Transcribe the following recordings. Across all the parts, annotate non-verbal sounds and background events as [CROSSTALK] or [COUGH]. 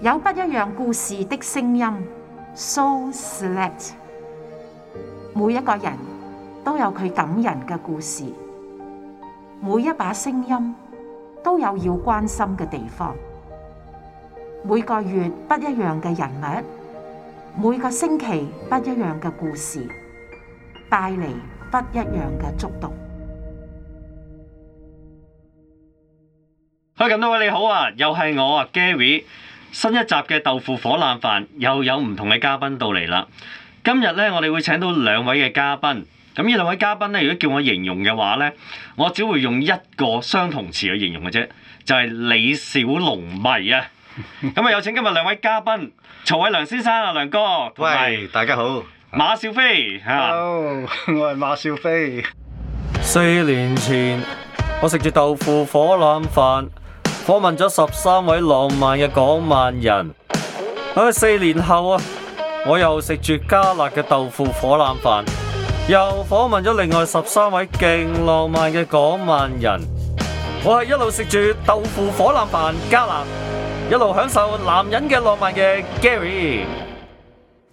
有不一樣故事的聲音，So select。每一個人都有佢感人嘅故事，每一把聲音都有要關心嘅地方。每個月不一樣嘅人物，每個星期不一樣嘅故事，帶嚟不一樣嘅觸動。嗨，咁多位你好啊，又係我啊，Gary。新一集嘅豆腐火腩飯又有唔同嘅嘉賓到嚟啦。今日呢，我哋會請到兩位嘅嘉賓。咁呢兩位嘉賓呢，如果叫我形容嘅話呢，我只會用一個相同詞去形容嘅啫，就係李小龍迷呀。 [LAUGHS] [LAUGHS] 咁咪有請今日兩位嘉賓，曹偉良先生呀，良哥。喂，大家好。馬少飛。Hello，我係馬少飛。四年前，我食住豆腐火腩飯。訪問咗十三位浪漫嘅港萬人，喺四年後啊，我又食住加辣嘅豆腐火腩飯，又訪問咗另外十三位勁浪漫嘅港萬人，我係一路食住豆腐火腩飯加辣，一路享受男人嘅浪漫嘅 Gary。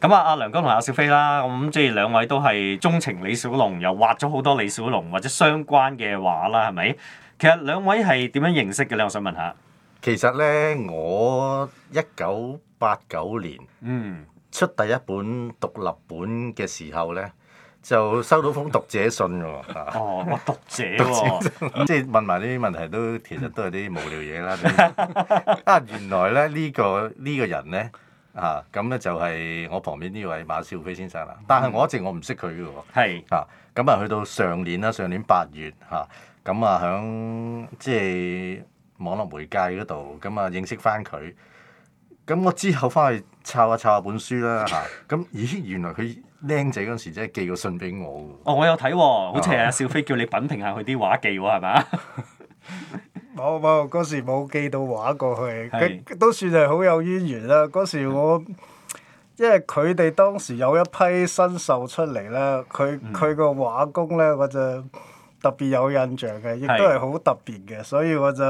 咁啊，阿梁哥同阿小飛啦，咁即係兩位都係鍾情李小龍，又畫咗好多李小龍或者相關嘅畫啦，係咪？其實兩位係點樣認識嘅咧？我想問下。其實咧，我一九八九年，嗯，出第一本獨立本嘅時候咧，就收到封讀者信㗎喎。哦，讀者即、哦、係 [LAUGHS] 問埋呢啲問題都其實都係啲無聊嘢啦、 [LAUGHS] 這個這個。啊，原來咧呢個呢個人咧嚇咁咧就係我旁邊呢位馬少飛先生啦。但係我一直我唔識佢嘅喎。係是。嚇咁啊！去到上年啦，上年八月嚇。啊咁啊，喺即係網絡媒介嗰度，咁啊認識翻佢。咁我之後翻去抄下抄下本書啦嚇。咁 [LAUGHS] 咦，原來佢僆仔嗰時真係寄過信俾我喎。哦，我有睇喎、哦， [LAUGHS] 好似阿小飛叫你品評下佢啲畫技喎，係嘛？冇 [LAUGHS] 冇，嗰時冇寄到畫過去。是都算係好有淵源啦。嗰時我， [LAUGHS] 因為佢哋當時有一批新秀出嚟啦，佢佢個畫工咧嗰隻，我就特別有印象嘅，亦都係好特別嘅，所以我就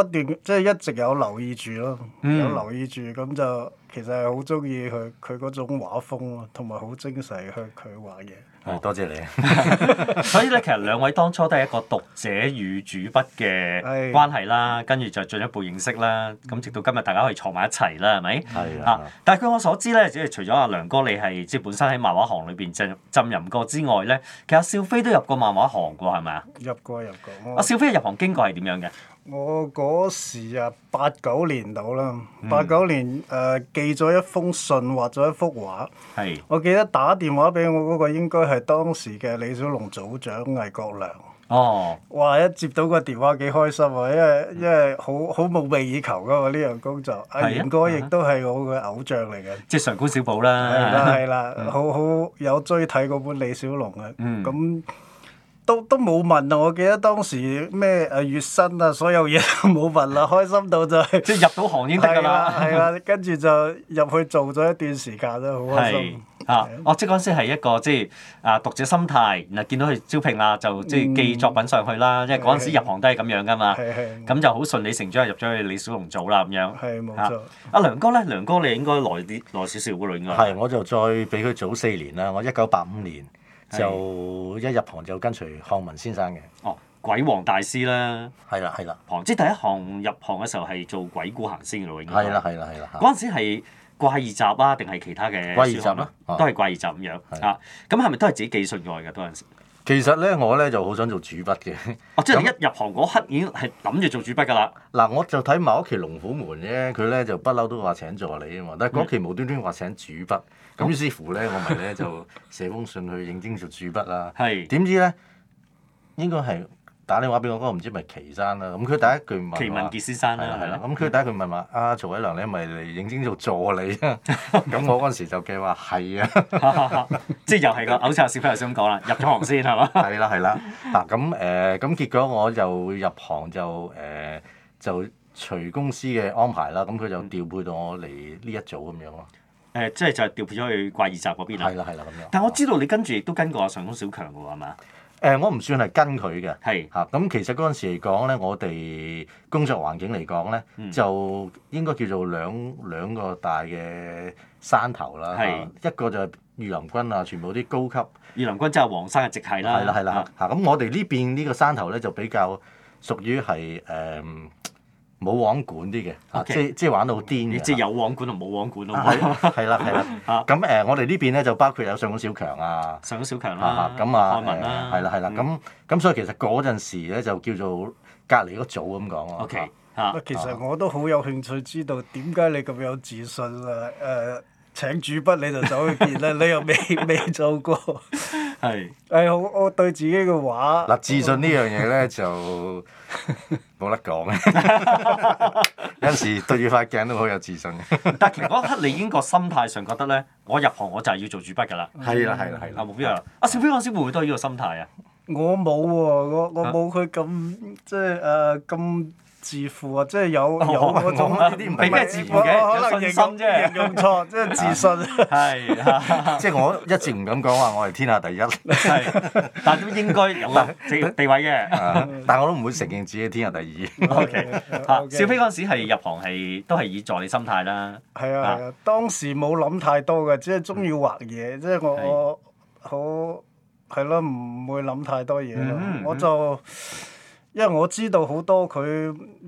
不斷即係一直有留意住咯，有留意住咁就其實係好中意佢佢嗰種畫風咯，同埋好精細佢佢畫嘅嘢。哦，多謝你。 [LAUGHS] [LAUGHS] [LAUGHS] 所以咧，其實兩位當初都係一個讀者與主筆嘅關係啦，是跟住就進一步認識啦，咁直到今日大家可以坐埋一齊啦，係咪？係啊、啊。但係據我所知咧，即係除咗阿梁哥你係即係本身喺漫畫行裏邊浸浸淫過之外咧，其實阿少飛都入過漫畫行嘅喎，係咪啊？入過入過。阿、啊、少飛入行經過係點樣嘅？我嗰時啊，八九年到啦，嗯、八九年誒、呃、寄咗一封信，畫咗一幅畫。是我記得打電話俾我嗰個應該係當時嘅李小龍組長魏國良。哦。哇！一接到個電話幾開心啊，因為、嗯、因為好好夢寐以求噶喎呢樣工作。係啊。阿賢哥亦都係我嘅偶像嚟嘅。即係上官小寶啦。係啦、嗯、 [LAUGHS] 好好，好有追睇嗰本李小龍啊！咁。都都冇問啦！我記得當時咩誒月薪啊，所有嘢都冇問啦，開心到就即係入到行已經得㗎啦，係啦，跟住就入去做咗一段時間啦，好開心。啊，我即係嗰陣時係一個即係啊讀者心態，然後見到佢招聘啊，就即係寄作品上去啦。因為嗰陣時入行都係咁樣㗎嘛，係係。咁就好順理成章入咗去李小龍組啦，咁樣係冇錯。阿梁哥咧，梁哥你應該耐啲耐少少嘅女嘅。係，我就再俾佢早四年啦。我一九八五年。就一入行就跟隨項文先生嘅。哦，鬼王大師啦。係啦，係啦。行即第一行入行嘅時候係做鬼故行先嘅囉，應該。係啦，係啦，係啦。嗰陣時係怪異集啊，定係其他嘅。都怪異集都係怪異集咁樣嚇。咁係咪都係自己寄信過去嘅？嗰陣時。其實咧，我咧就好想做主筆嘅。我、哦、即係一入行嗰刻已經係諗住做主筆噶啦。嗱、啊，我就睇埋屋企《龍虎門》啫，佢咧就不嬲都話請助理啊嘛。但係嗰期無端端話請主筆，咁、嗯、於是乎咧，我咪咧就寫封信去應徵做主筆啦。係、哦。點 [LAUGHS] 知咧？應該係。打電話俾我嗰個唔知係咪奇山啦，咁、嗯、佢第一句問：奇文傑先生啦，係啦、啊。咁佢、啊啊嗯、第一句問話：啊，曹偉良，你係咪嚟應徵做助理啊？咁我嗰時就嘅話係啊，即係又係個，好似阿小輝又想講啦，入咗行先係嘛？係啦係啦，嗱咁誒咁結果我就入行就誒就隨公司嘅安排啦，咁佢就調配到我嚟呢一組咁樣咯。誒，即係就調配咗去怪異集嗰邊啦。係啦係啦，咁樣。但我知道你跟住亦都跟過阿上工小強嘅喎，係嘛？誒、呃，我唔算係跟佢嘅，嚇咁是、啊、其實嗰陣時嚟講咧，我哋工作環境嚟講咧，嗯、就應該叫做兩兩個大嘅山頭啦，是啊、一個就係御林軍啊，全部啲高級，御林軍即係黃山嘅直系啦，係啦係啦，咁我哋呢邊呢個山頭咧就比較屬於係誒。嗯冇網管啲嘅，Okay. 即係即玩到癲嘅。你知有網管同冇網管都咯？係啦係啦。咁誒， [LAUGHS] 我哋呢邊咧就包括有上網小強啊，上網小強啦，咁啊，漢民啦，係啦係啦，咁咁，所以其實嗰陣時咧就叫做隔離嗰組咁講咯。O Okay . K、啊、其實我都好有興趣知道點解你咁有自信啊？誒、uh。請主筆你就走去變啦，你又未未做過。係是。誒、哎，我我對自己嘅話。嗱，自信呢樣嘢咧就冇 [LAUGHS] 得講嘅。有陣時對住塊鏡都好有，有自信，但其實嗰刻你已經個心態上覺得咧，我入行我就係要做主筆㗎啦。係啦、嗯，係啦，係啦。冇必要。啊，阿小編，老小編會唔會都係呢個心態啊？我冇喎，我我冇佢咁即係誒咁。自負啊！即係有有嗰種呢啲唔係咩自負，可能認認錯，即係自信。係，即係我一直唔敢講話，我係天下第一。係，但都應該有個地位嘅。啊！但我都唔會承認自己係天下第二。O K，小飛嗰陣時，係入行係都係以助理心態啦。係啊！係啊！當時冇諗太多嘅，只係中意畫嘢。即係我我好係咯，唔會諗太多嘢咯。我就。因為我知道好多佢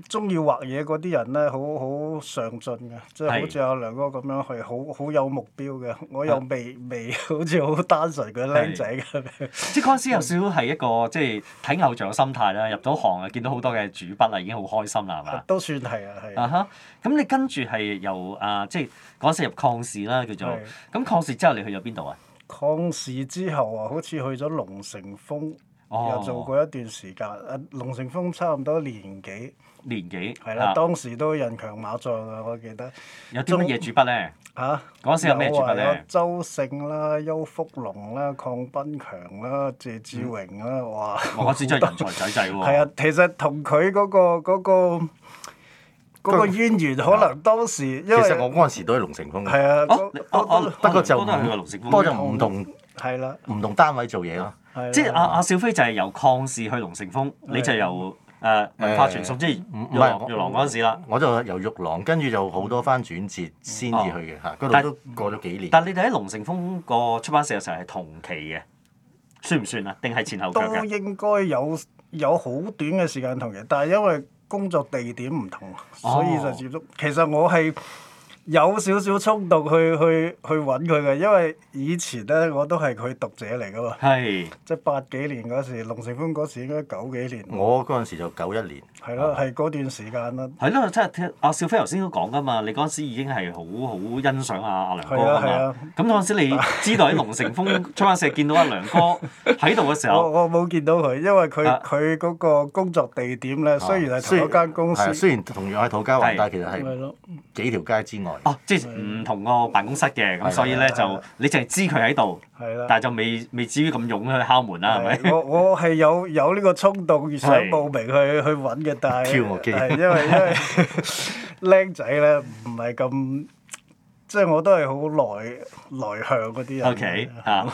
中意畫嘢嗰啲人咧，好好上進嘅，是即係好似阿梁哥咁樣，係好好有目標嘅。我又未是未好似好單純嘅僆仔咁樣。即係嗰陣時有少少係一個即係睇偶像嘅心態啦。入咗行啊，見到好多嘅主筆啊，已經好開心啦，係嘛？都算係啊，係。啊咁、uh huh, 你跟住係由啊，即係嗰陣時入礦市啦，叫做咁礦是市之後你去咗邊度啊？礦市之後啊，好似去咗龍城峯。又做過一段時間，阿龍成風差唔多年紀，年紀係啦。當時都人強馬壯啊！我記得。有啲乜嘢主筆咧？嚇！嗰時有咩主筆咧？周勝啦、邱福龍啦、鄺斌強啦、謝志榮啦，哇！嗰時真係人才濟濟喎。係啊，其實同佢嗰個嗰個嗰個淵源，可能當時因為其實我嗰陣時都係龍成風。係啊！我我不過就唔同，係啦，唔同單位做嘢咯。即係阿阿少飛就係由礦市去龍城峯，你就由誒、呃嗯、文化傳信，即係玉玉郎嗰陣時啦。我就由玉郎跟住就好多番轉折先至去嘅，嚇，嗰度、嗯啊、過咗幾年但。但係你哋喺龍城峯個出版社嘅時候係同期嘅，算唔算啊？定係前後腳？都應該有有好短嘅時間同期嘅，但係因為工作地點唔同，所以就接觸。哦、其實我係。有少少衝動去去去揾佢嘅，因為以前咧我都係佢讀者嚟嘅嘛。係。即係八幾年嗰時，龍成風嗰時應該九幾年。我嗰陣時就九一年。係咯，係嗰段時間啦。係咯，我真係聽阿少飛頭先都講嘅嘛。你嗰時已經係好好欣賞阿阿梁哥啊嘛。係啊係啊。咁嗰陣時你知道喺龍成風出版社見到阿梁哥喺度嘅時候。我我冇見到佢，因為佢佢嗰個工作地點咧，雖然係同一間公司。係雖然同樣喺土瓜灣，但係其實係幾條街之外。哦，即係唔同個辦公室嘅，咁所以咧就你淨係知佢喺度，但係就未未至於咁勇去敲門啦，係咪？我我係有有呢個衝動，想報名去去揾嘅，但係跳舞機係因為因為僆仔咧唔係咁，即係我都係好內內向嗰啲人。O K，啊，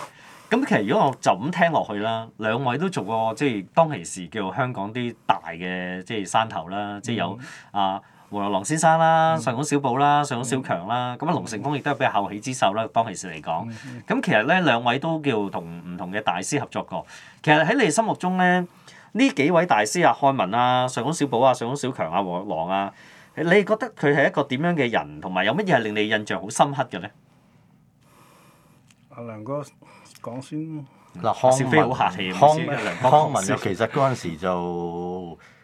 咁其實如果我就咁聽落去啦，兩位都做過即係當其時，叫做香港啲大嘅即係山頭啦，即有啊。黃玉郎先生啦、嗯，上官小寶啦，上官小強啦，咁啊、嗯、龍成峯亦都係比較後起之秀啦，當其時嚟講。咁、嗯嗯、其實咧，兩位都叫同唔同嘅大師合作過。其實喺你心目中咧，呢幾位大師啊，漢文啊，上官小寶啊，上官小、啊、小強啊，黃玉郎啊，你哋覺得佢係一個點樣嘅人，同埋有乜嘢係令你印象好深刻嘅咧？阿梁哥講先，康文小飛好客氣啊，康文其實嗰陣時就～ [LAUGHS]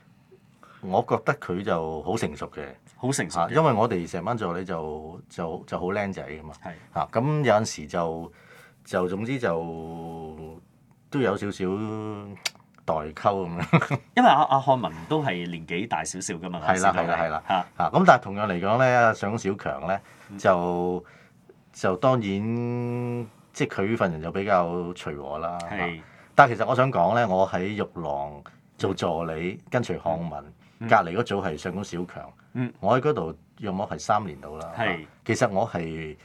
我覺得佢就好成熟嘅，好成熟、啊，因為我哋成班助理就就就好僆仔㗎嘛。係的，咁、啊、有陣時就就總之就都有少少代溝咁樣。因為阿阿、啊、漢文都係年紀大少少㗎嘛。係啦係啦係啦。嚇咁、啊，但係同樣嚟講咧，上小強咧就、嗯、就當然即係佢份人就比較隨和啦。的啊、但係其實我想講咧，我喺玉郎做助理跟隨漢文。嗯隔離嗰組係上官小強，嗯、我喺嗰度約莫係三年到啦？是其實我係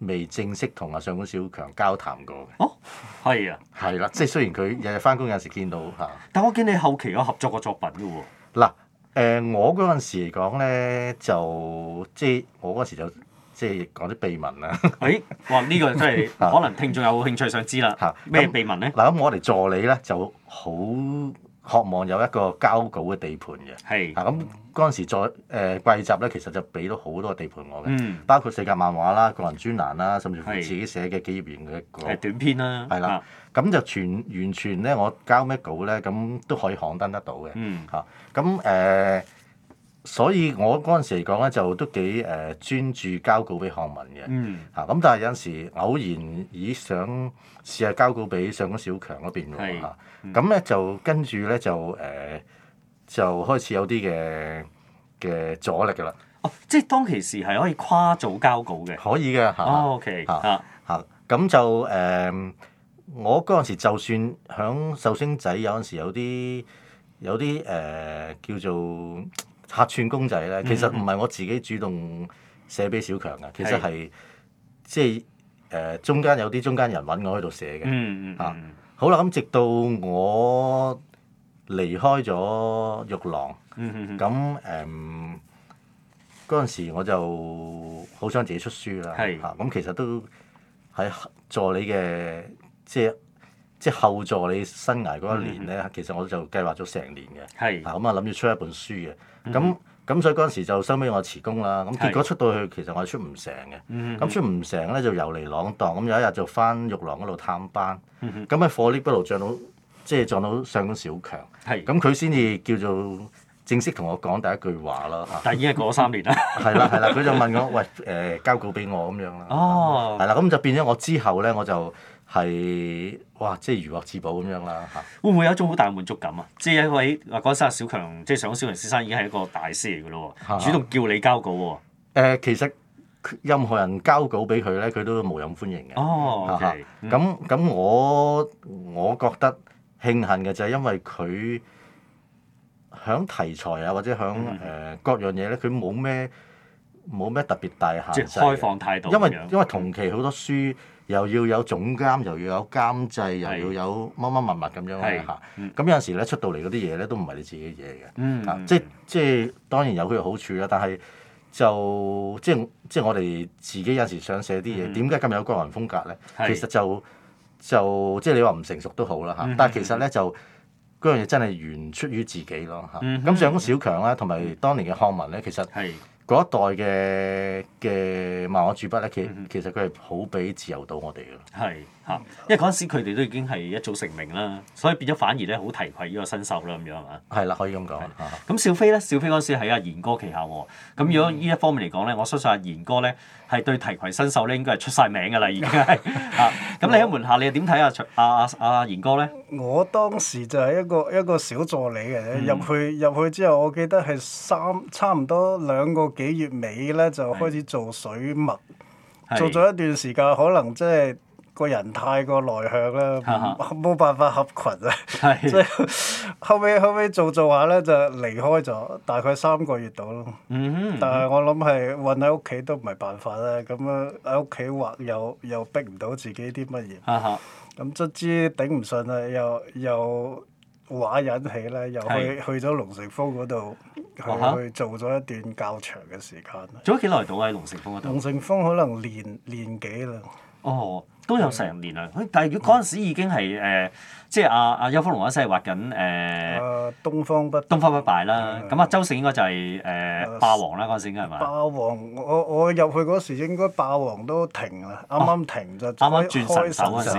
未正式同阿上官小強交談過嘅。哦，係啊，係啦， [LAUGHS] 即係雖然佢日日翻工，有時見到嚇。但我見你後期有合作個作品嘅喎。嗱，誒、呃，我嗰陣時嚟講咧，就即係我嗰陣時就即係講啲秘聞啊。誒， [LAUGHS] 我呢、這個真係 [LAUGHS] 可能聽眾有興趣想知啦。嚇，咩秘聞咧？嗱，咁我哋助理咧就好。渴望有一個交稿嘅地盤嘅，是啊咁嗰陣時再誒貴、呃、集咧，其實就俾咗好多地盤我嘅，嗯、包括世界漫畫啦、個人專欄啦，甚至乎自己寫嘅幾頁嘅一個。係短篇啦。係啦，咁就全完全咧，我交咩稿咧，咁都可以刊登得到嘅，嚇咁誒。啊所以我嗰陣時嚟講咧，就都幾誒、uh, 專注交稿俾漢文嘅嚇。咁、嗯、但係有陣時偶然已想試下交稿俾上官小強嗰邊喎嚇。咁咧就跟住咧就誒、uh, 就開始有啲嘅嘅阻力啦。哦、啊，即係當其時係可以跨組交稿嘅，可以嘅。Oh, O.K. 嚇嚇咁就誒，uh, 我嗰陣時就算響壽星仔有陣時有啲有啲誒、呃、叫做。客串公仔咧，其實唔係我自己主動寫俾小強嘅，其實係即係誒中間有啲中間人揾我喺度寫嘅。嗯，好啦，咁直到我離開咗玉郎，咁誒嗰陣時我就好想自己出書啦。咁其實都喺助理嘅，即係即係後助理生涯嗰一年咧，其實我就計劃咗成年嘅。咁啊諗住出一本書嘅。咁咁、嗯、所以嗰陣時就收尾我辭工啦，咁結果出到去是其實我出唔成嘅。咁、嗯、哼出唔成咧就遊離浪蕩，咁有一日就翻玉郎嗰度探班，咁啊、嗯、哼貨 lift 嗰度撞到即係撞到上官小強，咁佢先至叫做正式同我講第一句話啦，但已經係過咗三年啦。係啦係啦，佢就問我喂，誒、呃、交稿俾我咁樣啦。哦，係啦，咁就變咗我之後咧我就。係哇，即係如獲至寶咁樣啦嚇。會唔會有一種好大滿足感啊？即係一位嗱，嗰陣時阿小強，即係上咗小強先生已經係一個大師嚟噶咯喎，啊、主動叫你交稿喎、哦。誒、呃，其實任何人交稿俾佢咧，佢都無任歡迎嘅。哦，係、okay, 嗯。咁咁、啊、我我覺得慶幸嘅就係因為佢響題材啊，或者響誒、嗯呃、各樣嘢咧，佢冇咩冇咩特別大限制。即開放態度因為。樣因為因為同期好多書。又要有總監，又要有監製，又要有乜乜物物咁樣嚇。咁、啊、有陣時咧出到嚟嗰啲嘢咧都唔係你自己嘅嘢嘅嚇。即即當然有佢嘅好處啦，但係就即即我哋自己有陣時想寫啲嘢，點解咁有個人風格咧？是其實就就即你話唔成熟都好啦嚇。啊嗯嗯、但係其實咧就嗰樣嘢真係源出於自己咯嚇。咁、啊啊嗯嗯、上官小強啦、啊，同埋當年嘅漢文咧，其實。嗰一代嘅嘅漫畫主筆咧，其實其實佢係好俾自由度我哋嘅。嚇！因為嗰陣時佢哋都已經係一早成名啦，所以變咗反而咧好提攜依個新秀啦，咁樣係嘛。係啦，可以咁講。咁小飛咧，小飛嗰陣時係阿賢哥旗下喎。咁如果依一方面嚟講咧，我相信阿、啊、賢哥咧係對提攜新秀咧應該係出晒名㗎啦，已經係嚇。咁你喺門下你又點睇啊？阿阿阿賢哥咧？我當時就係一個一個小助理嘅，入、嗯、去入去之後，我記得係三差唔多兩個幾月尾咧，就開始做水墨。做咗一段時間，可能即係。個人太過內向啦，冇辦法合群啊！即係後尾後尾做做下咧，就離開咗，大概三個月度咯。但係我諗係韆喺屋企都唔係辦法啦。咁樣喺屋企畫又又逼唔到自己啲乜嘢。咁卒之頂唔順啦，又又畫引起咧，又去去咗龍城風嗰度去去做咗一段較長嘅時間。做咗幾耐到啊？喺龍城風嗰度。龍城風可能年年幾啦。都有成年嘞，嗯、但係如果嗰陣時已經係誒，即係阿阿邱福龍嗰陣時係畫緊誒東方不東方不敗啦，咁啊的周星應該就係、是、誒、呃、霸王啦，嗰陣時應該係咪？霸王，我我入去嗰時應該霸王都停啦，啱啱停、哦、就啱啱、哦、轉神手嗰時，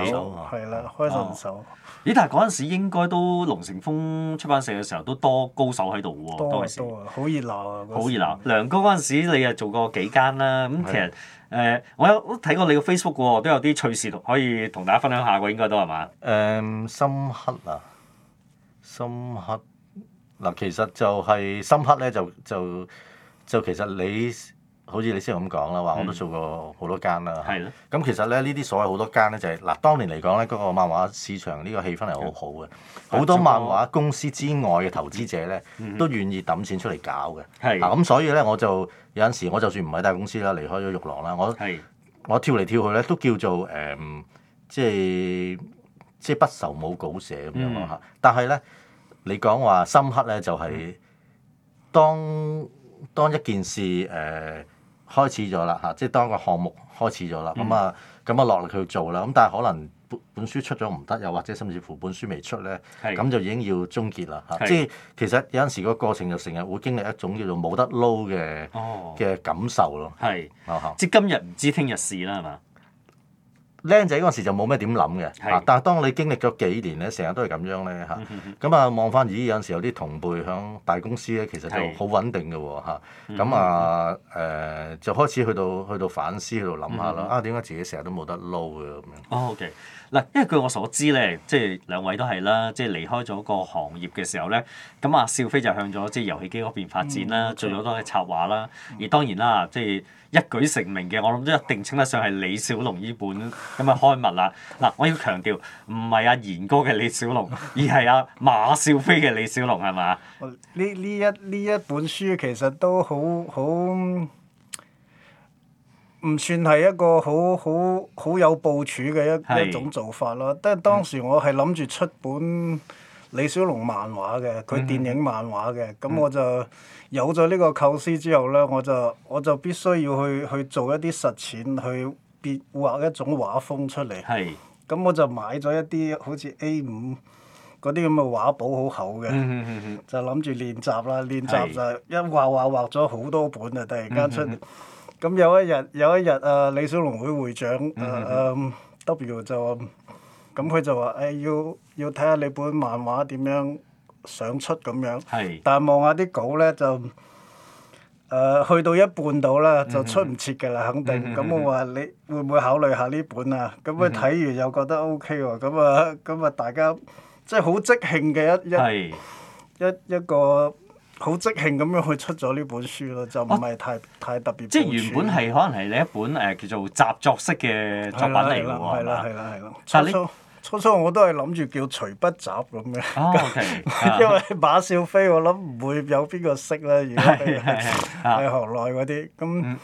係啦、哦，開神手。咦！但係嗰陣時應該都龍城風出版社嘅時候都多高手喺度喎，嗰陣多時好熱鬧、啊、熱鬧，好熱鬧。梁哥嗰陣時你又做過幾間啦，咁、 [LAUGHS] 嗯、其實誒、呃，我有睇過你個 Facebook 喎，都有啲趣事同可以同大家分享下喎，應該都係嘛？誒、嗯，深刻啊，深刻嗱，其實就係、是、深刻咧，就就就其實你。好似你先咁講啦，話我都做過好多間啦。咁的的其實咧，呢啲所謂好多間咧，就係、是、嗱，當年嚟講咧，嗰個漫畫市場呢個氣氛係好好嘅，好的多漫畫公司之外嘅投資者咧，都願意揼錢出嚟搞嘅。嗱咁的所以咧，我就有陣時我就算唔喺大公司啦，離開咗玉郎啦，我的我跳嚟跳去咧，都叫做誒、嗯，即係即係不愁冇稿寫咁樣咯嚇。但係咧，你講話深刻咧，就係當當一件事誒。呃開始咗啦嚇，即係當個項目開始咗啦，咁啊咁啊落力去做啦，咁但係可能本本書出咗唔得，又或者甚至乎本書未出咧，咁是就已經要終結啦嚇。是即係其實有陣時個過程就成日會經歷一種叫做冇得撈嘅嘅、哦、感受咯，是吧即係今日唔知聽日事啦，係嘛？僆仔嗰陣時就冇咩點諗嘅，是但係當你經歷咗幾年咧，成日都係咁樣咧嚇，咁啊望翻咦有陣時有啲同輩響大公司咧，其實就好穩定㗎喎嚇，咁是、嗯、哼啊誒、呃、就開始去到去到反思去到諗下啦，嗯、哼啊點解自己成日都冇得撈啊咁樣？哦，OK。嗱，因為據我所知咧，即係兩位都係啦，即係離開咗個行業嘅時候咧，咁啊少飛就向咗即係遊戲機嗰邊發展啦，嗯、好做咗多啲策劃啦，而當然啦即係。一舉成名嘅，我諗都一定稱得上係李小龍依本咁嘅刊物啦！嗱， [LAUGHS] 我要強調，唔係阿賢哥嘅李小龍，而係阿、啊、馬少飛嘅李小龍係咪？呢呢一呢一本書其實都好好，唔算係一個好好好有部署嘅一是一種做法咯。但當時我係諗住出本。李小龍漫畫嘅，佢電影漫畫嘅，咁、嗯、哼我就有咗呢個構思之後咧，我就我就必須要去去做一啲實踐，去別畫一種畫風出嚟。係是。咁我就買咗一啲好似 A 五嗰啲咁嘅畫簿，好厚嘅，嗯、哼哼就諗住練習啦。練習就係一畫畫畫咗好多本啊！突然間出嚟。咁、嗯、有一日有一日啊，李小龍會會長啊、嗯、哼哼 W 就咁佢就話誒、哎、要。要睇下你本漫畫點樣想出咁樣，但係望下啲稿咧就，誒去到一半到啦，就出唔切嘅啦，肯定。咁我話你會唔會考慮下呢本啊？咁佢睇完又覺得 OK 喎，咁啊咁啊，大家即係好即興嘅一，一，一一個好即興咁樣去出咗呢本書咯，就唔係太太特別。即係原本係可能係你一本誒叫做雜作式嘅作品嚟喎。係啦係啦係啦，初初我都係諗住叫隨筆雜咁嘅，因為馬少飛我諗唔會有邊個識咧，如果喺行內嗰啲咁。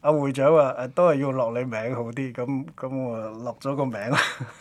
阿、啊、會長話，啊：誒都係要落你名好啲，咁咁我啊落咗個名。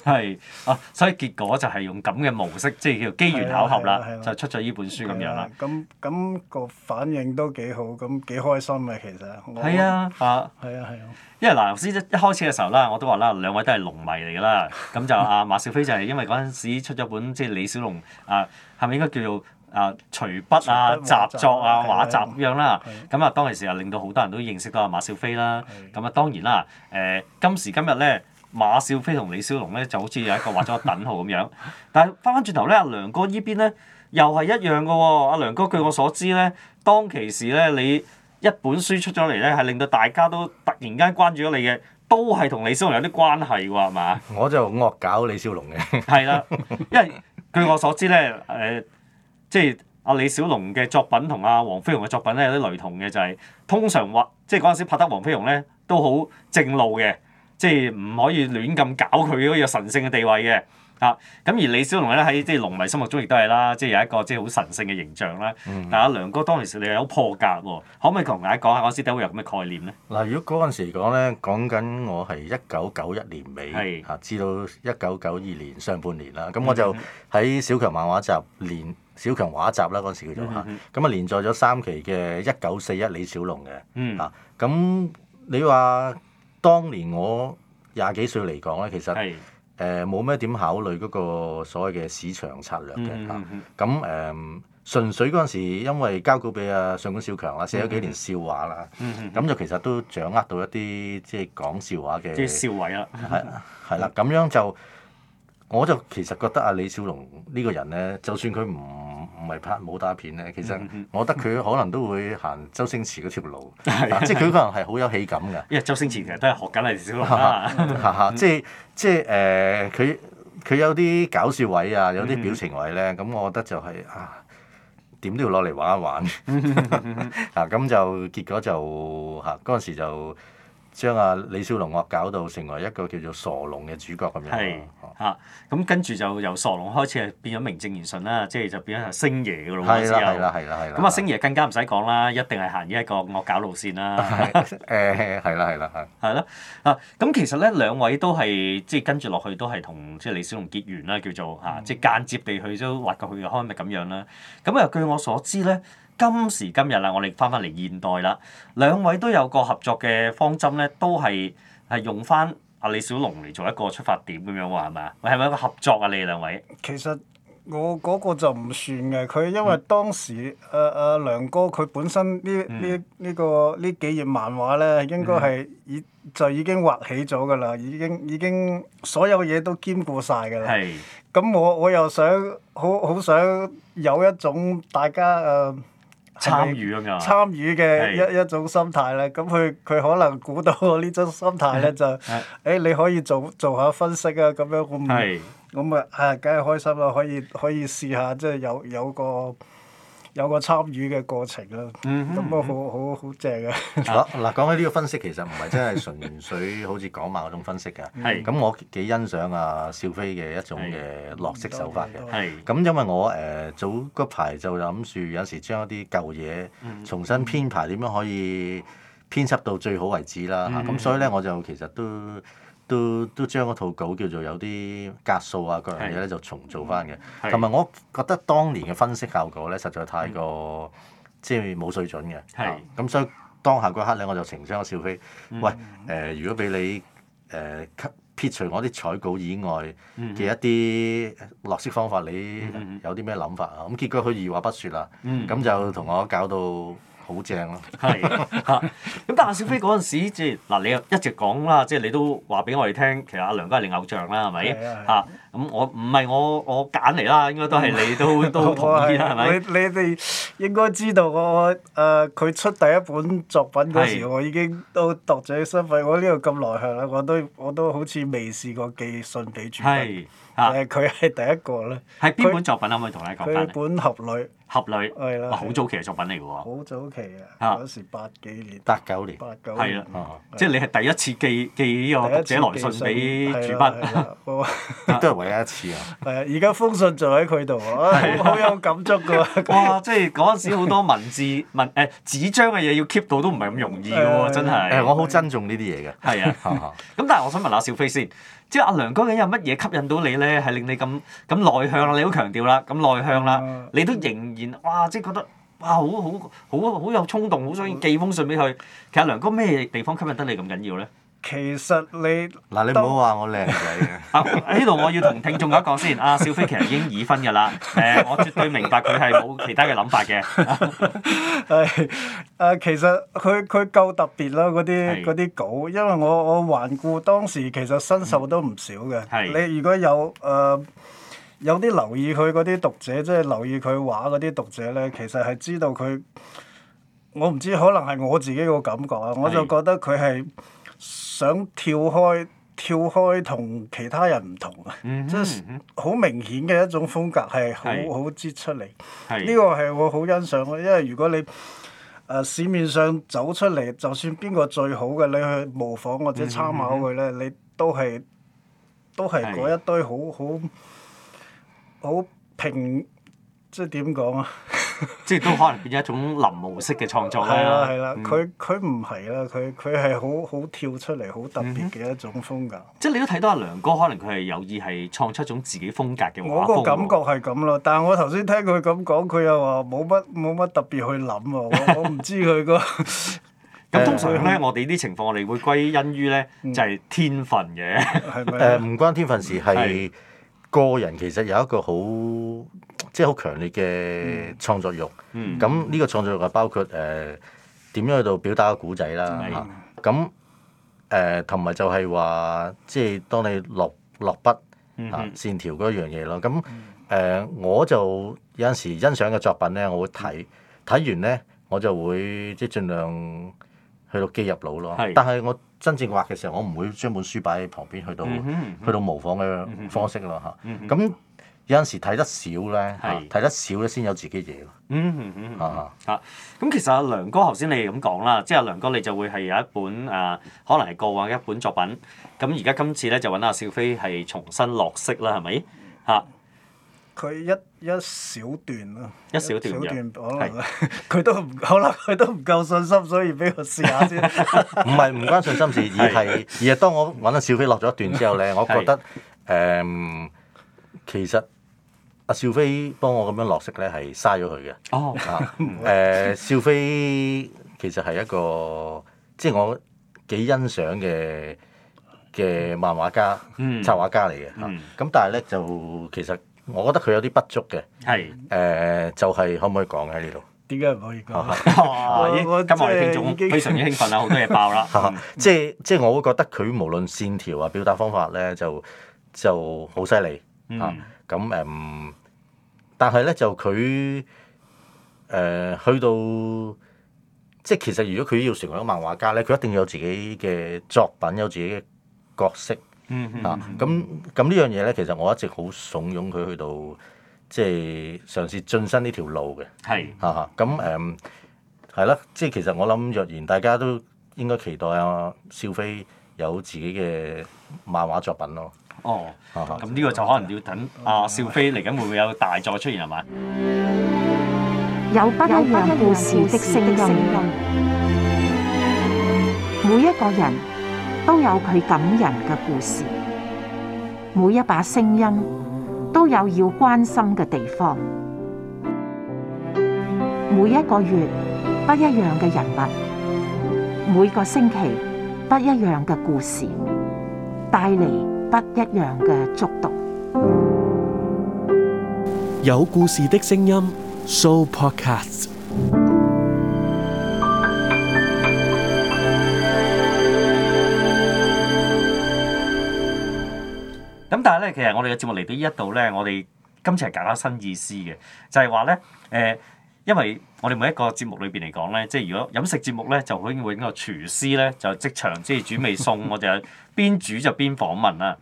係，啊，所以結果就係用咁嘅模式，即係叫機緣巧合啦，啊啊啊、就出咗呢本書咁樣啦。咁咁、啊那個反應都幾好，咁幾開心啊！其實我。係啊！嚇。係啊！係啊！啊啊因為嗱，頭先一開始嘅時候啦，我都話啦，兩位都係龍迷嚟㗎啦，咁就阿、啊、馬少飛就係因為嗰陣時出咗本即係、就是、李小龍啊，係咪應該叫做？啊，隨筆啊，習作啊，畫集咁樣啦。咁啊，當其時又令到好多人都認識到阿馬少飛啦。咁的啊，當然啦。誒、欸，今時今日咧，馬少飛同李小龍咧，就好似有一個畫咗等號咁樣，樣。 [LAUGHS] 但係翻返轉頭咧，阿梁哥依邊咧，又係一樣嘅喎、哦。阿梁哥據我所知咧，當其時咧，你一本書出咗嚟咧，係令到大家都突然間關注咗你嘅，都係同李小龍有啲關係嘅，係咪？我就惡搞李小龍嘅。係 [LAUGHS] 啦，因為據我所知咧，誒、呃。即係阿李小龍嘅作品同阿黃飛鴻嘅作品咧，有啲雷同嘅、就是，就係通常話即係嗰陣時拍得黃飛鴻咧都好正路嘅，即係唔可以亂咁搞佢嗰個神聖嘅地位嘅啊。咁而李小龍咧喺即係龍迷心目中亦都係啦，即係有一個即係好神聖嘅形象啦。嗯、但阿梁哥當時你又有破格喎，可唔可以同大家講下嗰時點會有咁嘅概念咧？嗱，如果嗰陣時講咧，講緊我係一九九一年尾嚇，至是到一九九二年上半年啦，咁我就喺小強漫畫集連。小強畫集啦，嗰陣時叫做嚇，咁啊，連載咗三期嘅一九四一李小龍嘅嚇，咁你話當年我廿幾歲嚟講咧，其實誒冇咩點考慮嗰個所謂嘅市場策略嘅嚇，咁誒純粹嗰陣時因為交稿俾阿上官小強啦，寫咗幾年笑話啦，咁就其實都掌握到一啲即係講笑話嘅笑位啦，係啦，咁樣就。我就其實覺得阿李小龍呢個人咧，就算佢唔唔係拍武打片咧，其實我覺得佢可能都會行周星馳嗰條路，即係佢可能係好有喜感嘅。因為 [LAUGHS] 周星馳其實都係學緊李小龍啊， [LAUGHS] [LAUGHS] 即係即係誒，佢、呃、佢有啲搞笑位啊，有啲表情位咧，咁我覺得就係啊，點都要攞嚟玩一玩。嗱咁就結果就哈嗰陣時就。將阿李小龍惡搞到成為一個叫做傻龍嘅主角咁樣，嚇咁跟住就由傻龍開始變咗名正言順啦，的即係就變咗星爺嘅老啦。係啦咁啊，的星爺更加唔使講啦，一定係行呢一個惡搞路線啦。誒係啦係啦係。係啦啊！咁、啊、其實咧，兩位都係即係跟住落去都係同即係李小龍結緣啦，叫做嚇，嗯、即係間接地佢都挖掘佢嘅開咪咁樣啦。咁啊據我所知咧。今時今日啦，我哋翻返嚟現代啦，兩位都有個合作嘅方針咧，都係係用翻阿李小龍嚟做一個出發點咁樣話，係咪啊？係咪一個合作啊？你哋兩位？其實我嗰個就唔算嘅，佢因為當時阿阿、嗯呃、梁哥佢本身呢呢呢個呢幾頁漫畫咧，應該係已、嗯、就已經畫起咗㗎啦，已經已經所有嘢都兼顧晒㗎啦。係的。咁我我又想好好，好想有一種大家誒。呃參與嘅一的一種心態啦，咁佢佢可能估到我呢種心態咧、就是，就誒 [LAUGHS] 的、欸、你可以做做下分析啊，咁樣咁咁、嗯的嗯、啊嚇，梗係開心啦，可以可以試下，即、就、係、是、有有個。有個參與嘅過程啦，咁啊好好好正啊！係 [LAUGHS] 講起呢個分析，其實唔係真係純粹好似港漫嗰種分析㗎。咁、mm hmm. 我幾欣賞啊少飛嘅一種嘅落色手法嘅。咁、mm hmm. 因為我誒、呃、早嗰排就諗住有時將一啲舊嘢重新編排，點樣可以編輯到最好為止啦咁、mm hmm. 啊、所以咧，我就其實都。都都將嗰套稿叫做有啲格數啊，各樣嘢咧是就重做翻嘅。同埋是我覺得當年嘅分析效果咧，實在太過是即係冇水準嘅。咁是，啊、所以當下嗰刻咧，我就情商笑飛。是喂，誒、呃，如果俾你誒、呃、撇除我啲彩稿以外嘅一啲落色方法，你有啲咩諗法啊？咁結果佢二話不説啦，咁是、嗯、就同我搞到。好正咯，係嚇！咁但係小飛嗰陣時，即係嗱，你一直講啦，即係你都話俾我哋聽，其實阿梁哥係你偶像啦，係咪嚇？咁我唔係我我揀嚟啦，應該都係你都都同意啦，係咪？你哋應該知道我誒，佢出第一本作品嗰時，我已經都讀者身份。我呢度咁內向啦，我都我都好似未試過寄信俾主筆，但係佢係第一個啦。係邊本作品可唔可以同你講翻。本俠女。合理，好早期嘅作品嚟㗎喎，好早期啊！嗰時八幾年，八九年，係啦，即係你係第一次寄寄依個寫來信俾主筆，亦都係唯一一次啊！係啊！而家封信就喺佢度，啊，好有感觸㗎。哇！即係嗰陣時好多文字文誒紙張嘅嘢要 keep 到都唔係咁容易㗎喎，真係。我好珍重呢啲嘢㗎。係啊，咁但係我想問下小飛先。即阿梁哥，究竟有乜嘢吸引到你咧？係令你咁咁內向啦？你好強調啦，咁內向啦，你都仍然哇！即係覺得哇，好好好好有衝動，好想寄封信俾佢。其實梁哥咩地方吸引得你咁緊要咧？其實你嗱你唔好話我靚女。啊！呢度我要同聽眾講一講先 [LAUGHS] 啊，小飛其實已經已婚嘅啦。誒、啊、我絕對明白佢係冇其他嘅諗法嘅。係誒、 [LAUGHS] 啊，其實佢佢夠特別啦，嗰啲嗰啲稿，因為我我環顧當時其實身手都唔少嘅。嗯、你如果有誒、呃、有啲留意佢嗰啲讀者，即係留意佢畫嗰啲讀者咧，其實係知道佢我唔知，可能係我自己個感覺啊！是我就覺得佢係。想跳開，跳開同其他人唔同啊！Mm hmm. 即係好明顯嘅一種風格，係好好擠出嚟。呢的個係我好欣賞咯，因為如果你誒、呃、市面上走出嚟，就算邊個最好嘅，你去模仿或者參考佢咧，mm hmm. 你都係都係嗰一堆好好好平，即係點講啊？即係都可能變咗一種臨摹式嘅創作啦。係啦，係啦，佢佢唔係啦，佢佢係好好跳出嚟，好特別嘅一種風格。嗯、哼即係你都睇到阿梁哥，可能佢係有意係創出一種自己風格嘅畫風。我個感覺係咁啦，但係我頭先聽佢咁講，佢又話冇乜冇乜特別去諗喎。 [LAUGHS] 我我唔知佢、嗰個。咁通常咧，呃、我哋呢啲情況，我哋會歸因於咧，就係、是、天分嘅。係唔、嗯 [LAUGHS] 呃、關天分事，係個人其實有一個好。即係好強烈嘅創作欲，咁呢、嗯、個創作欲就包括誒點、呃、樣去到表達個故仔啦嚇，咁誒同埋就係話，即係當你落落筆嚇、啊、線條嗰一樣嘢咯。咁、啊、誒、呃、我就有陣時欣賞嘅作品咧，我會睇睇完咧，我就會即係盡量去到記入腦咯。是但係我真正畫嘅時候，我唔會將本書擺喺旁邊，去到、嗯嗯嗯、去到模仿嘅方式咯咁、啊啊嗯嗯嗯有陣時睇得少咧，睇是的 得少咧先有自己嘢咯。嗯嗯嗯。嚇，咁其實阿梁哥頭先你咁講啦，即係阿梁哥你就會係有一本誒、啊，可能係過往嘅一本作品。咁而家今次咧就揾阿小飛係重新落色啦，係咪？嚇，佢一一小段咯，一小段，一小段佢都唔可能，佢都唔夠信心，所以俾我試下先。 [LAUGHS] 唔係唔關信心事，是的 而係而係當我揾阿小飛落咗一段之後咧， [LAUGHS] [LAUGHS] 我覺得誒、嗯、其實。阿少、啊、飛幫我咁樣落色咧，係嘥咗佢嘅。哦、oh. [LAUGHS] 啊，少飛其實係一個即係、就是、我幾欣賞嘅嘅漫畫家、插、mm. 畫家嚟嘅。嚇、mm. 啊，咁但係咧就其實我覺得佢有啲不足嘅。係誒、mm. 啊，就係、是、可唔可以講喺呢度？點解唔可以講？哇、 [LAUGHS] 啊！ [LAUGHS] 今日嘅聽眾非常之興奮 [LAUGHS] [LAUGHS] 啊，好多嘢爆啦！即係即係，就是、我會覺得佢無論線條啊、表達方法咧，就就好犀利啊！Mm. 咁誒唔，但係咧就佢誒、呃、去到，即係其實如果佢要成為一個漫畫家咧，佢一定要有自己嘅作品，有自己嘅角色，嚇咁咁呢樣嘢咧，其實我一直好慫恿佢去到，即係嘗試晉身呢條路嘅，嚇嚇咁誒，係啦、啊嗯，即係其實我諗若然大家都應該期待啊，少飛有自己嘅漫畫作品咯。哦，咁呢個就可能要等阿少飛嚟緊會唔會有大作出現，係咪？有不一樣故事的聲音，每一個人都有佢感人嘅故事，每一把聲音都有要關心嘅地方。每一個月不一樣嘅人物，每個星期不一樣嘅故事帶嚟。不一樣嘅觸動，有故事的聲音，Show Podcast。咁但係咧，其實我哋嘅節目嚟到呢一度咧，我哋今次係搞翻新意思嘅，就係話咧，誒。因為我哋每一個節目裏邊嚟講咧，即係如果飲食節目咧，就好可能會個廚師咧就即場即係煮味餸， [LAUGHS] 我就係邊煮就邊訪問啊。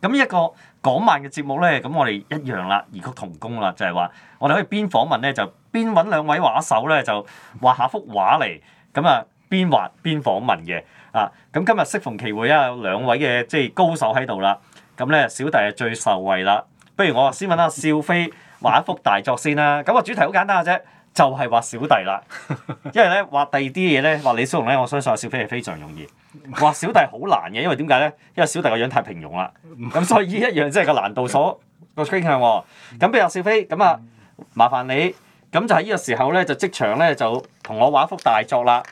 咁一個港漫嘅節目咧，咁我哋一樣啦，異曲同工啦，就係、是、話我哋可以邊訪問咧就邊揾兩位畫手咧就畫下幅畫嚟，咁啊邊畫邊訪問嘅啊。咁今日適逢其會啊，有兩位嘅即係高手喺度啦。咁咧小弟係最受惠啦，不如我先揾阿少飛畫一幅大作先啦。咁、那個主題好簡單嘅啫。就係畫小弟啦，因為咧畫第二啲嘢咧，畫李小龍咧，我相信阿小飛係非常容易。畫小弟好難嘅，因為點解咧？因為小弟個樣太平庸啦。咁所以呢一樣即係個難度所個傾向。咁譬如阿小飛，咁啊麻煩你，咁就係呢個時候咧，就即場咧就同我畫一幅大作啦。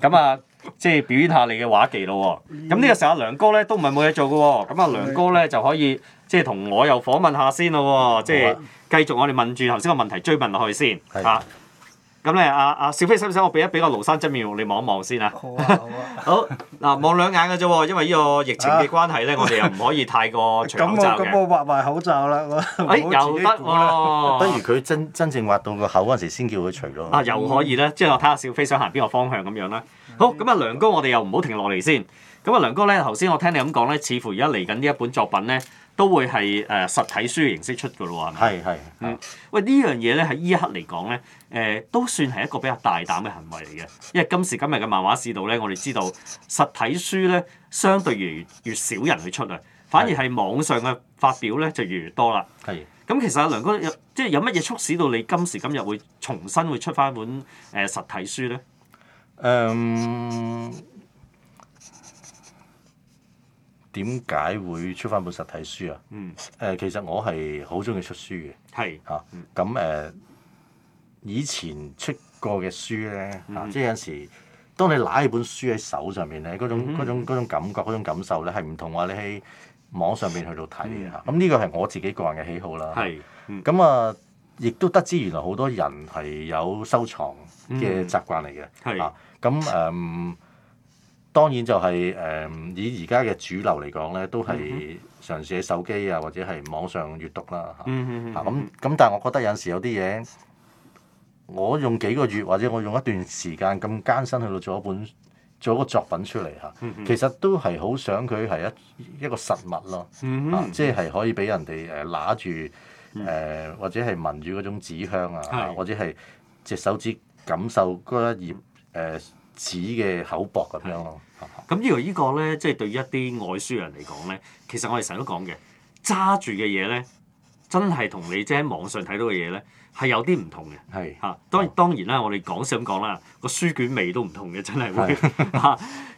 咁啊，即係表演一下你嘅畫技咯。咁呢個時候阿梁哥咧都唔係冇嘢做嘅。咁阿梁哥咧就可以即係同我又訪問下先咯。即係繼續我哋問住頭先個問題追問落去先嚇。咁咧，阿阿、啊、小飛使唔使我俾一俾個廬山真面目你望一望先啊？好嗱、啊啊 [LAUGHS] 啊，望兩眼㗎啫喎，因為呢個疫情嘅關係咧，啊、我哋又唔可以太過除口罩嘅。咁、啊啊、我咁、啊、我畫埋口罩啦，我、哎。又得喎！不如佢真真正畫到個口嗰陣時，先叫佢除囉。啊，又可以咧，即係我睇下小飛想行邊個方向咁樣啦。好，咁啊，梁哥，我哋又唔好停落嚟先。咁啊，梁哥咧，頭先我聽你咁講咧，似乎而家嚟緊呢一本作品咧。都會係誒實體書嘅形式出嘅咯喎，係咪？係係。喂呢樣嘢咧，喺依、嗯、一刻嚟講咧，誒、呃、都算係一個比較大膽嘅行為嚟嘅。因為今時今日嘅漫畫市道咧，我哋知道實體書咧相對而越，越，越少人去出啊，反而係網上嘅發表咧就越越多啦。係是。咁其實阿梁哥有即係有乜嘢促使到你今時今日會重新會出翻一本誒、呃、實體書咧？誒。Um, 點解會出翻本實體書啊？誒，其實我係好中意出書嘅。嚇，咁誒，以前出過嘅書咧，即係有陣時，當你揦起本書喺手上面咧，嗰種嗰種嗰種感覺、嗰種感受咧，係唔同話你喺網上邊去到睇嘅嚇。咁呢個係我自己個人嘅喜好啦。咁啊，亦都得知原來好多人係有收藏嘅習慣嚟嘅。嚇，咁誒。當然就係、是、誒、嗯、以而家嘅主流嚟講咧，都係嘗試喺手機啊，或者係網上閲讀啦嚇。嚇咁咁，但係我覺得有陣時有啲嘢，我用幾個月或者我用一段時間咁艱辛去到做一本做一個作品出嚟嚇，啊嗯、哼其實都係好想佢係一一個實物咯。嚇、嗯哼，即係、啊就是、可以俾人哋誒拿住誒、呃、或者係聞住嗰種紙香啊，是或者係隻手指感受嗰一頁誒。呃紙嘅厚薄咁樣咯，咁依的、嗯、個依個咧，即、就、係、是、對一啲愛書人嚟講咧，其實我哋成日都講嘅，揸住嘅嘢咧，真係同你即係喺網上睇到嘅嘢咧，係有啲唔同嘅。係嚇的、啊，當然、哦、當然啦，我哋講笑咁講啦，個書卷味都唔同嘅，真係會嚇。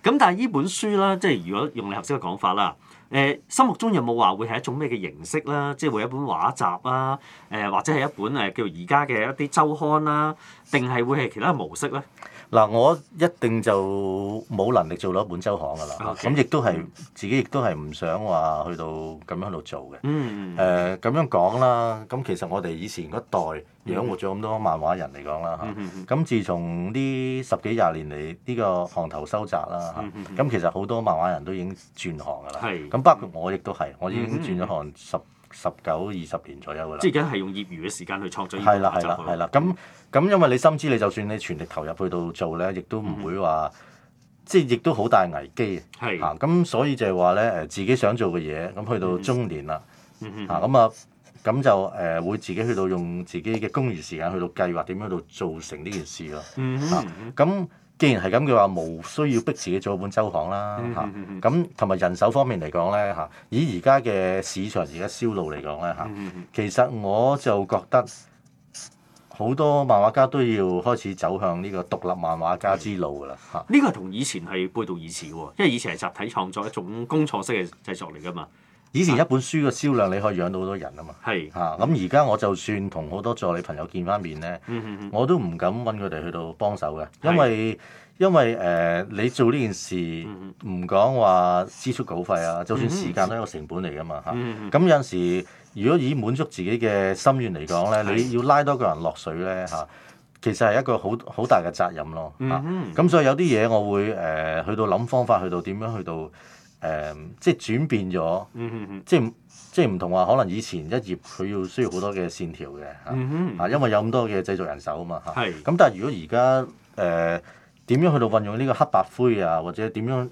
咁但係依本書啦，即係如果用你頭先嘅講法啦，誒、呃，心目中有冇話會係一種咩嘅形式啦？即係會一本畫集啊，誒、呃，或者係一本誒叫而家嘅一啲週刊啦，定係會係其他模式咧？嗱，我一定就冇能力做到本周刊噶啦，咁亦 Okay,、嗯、都係自己亦都係唔想話去到咁樣喺度做嘅、嗯呃。嗯咁樣講啦，咁、嗯嗯、其實我哋以前嗰代養活咗咁多漫畫人嚟講啦，咁、嗯嗯嗯、自從呢十幾廿年嚟，呢、呢個行頭收窄啦，咁其實好多漫畫人都已經轉行噶啦。係是。咁、嗯、包括我亦都係，我已經轉咗行十。十九二十年左右噶啦，即係而家係用業餘嘅時間去創作。係啦係啦係啦，咁咁、嗯、因為你深知你就算你全力投入去到做咧，亦都唔會話，嗯、即係亦都好大危機。係的啊，咁所以就係話咧誒，自己想做嘅嘢，咁去到中年啦，嚇咁、嗯嗯、啊，咁就誒、呃、會自己去到用自己嘅公餘時間去到計劃點樣去到做成呢件事咯。咁、嗯。啊既然係咁，佢話冇需要逼自己做本週刊啦嚇。咁同埋人手方面嚟講咧嚇，以而家嘅市場而家銷路嚟講咧嚇，其實我就覺得好多漫畫家都要開始走向呢個獨立漫畫家之路噶啦嚇。呢、嗯嗯嗯、個同以前係背道而馳喎，因為以前係集體創作一種工廠式嘅製作嚟噶嘛。以前一本書嘅銷量你可以養到好多人啊嘛，嚇咁而家我就算同好多助理朋友見翻面咧，嗯、哼我都唔敢揾佢哋去到幫手嘅，因為是因為誒、呃、你做呢件事唔講話支出稿費啊，嗯、哼就算時間都係一個成本嚟㗎嘛嚇，咁有陣時如果以滿足自己嘅心願嚟講咧，是你要拉多個人落水咧嚇、啊，其實係一個好好大嘅責任咯嚇，咁、啊啊啊嗯嗯、所以有啲嘢我會誒去到諗方法，去到點樣去到樣。去到誒、嗯，即係轉變咗，即係即係唔同話，可能以前一頁佢要需要好多嘅線條嘅、嗯哼啊、因為有咁多嘅製作人手嘛啊嘛咁，是但係如果而家誒點樣去到運用呢個黑白灰啊，或者點樣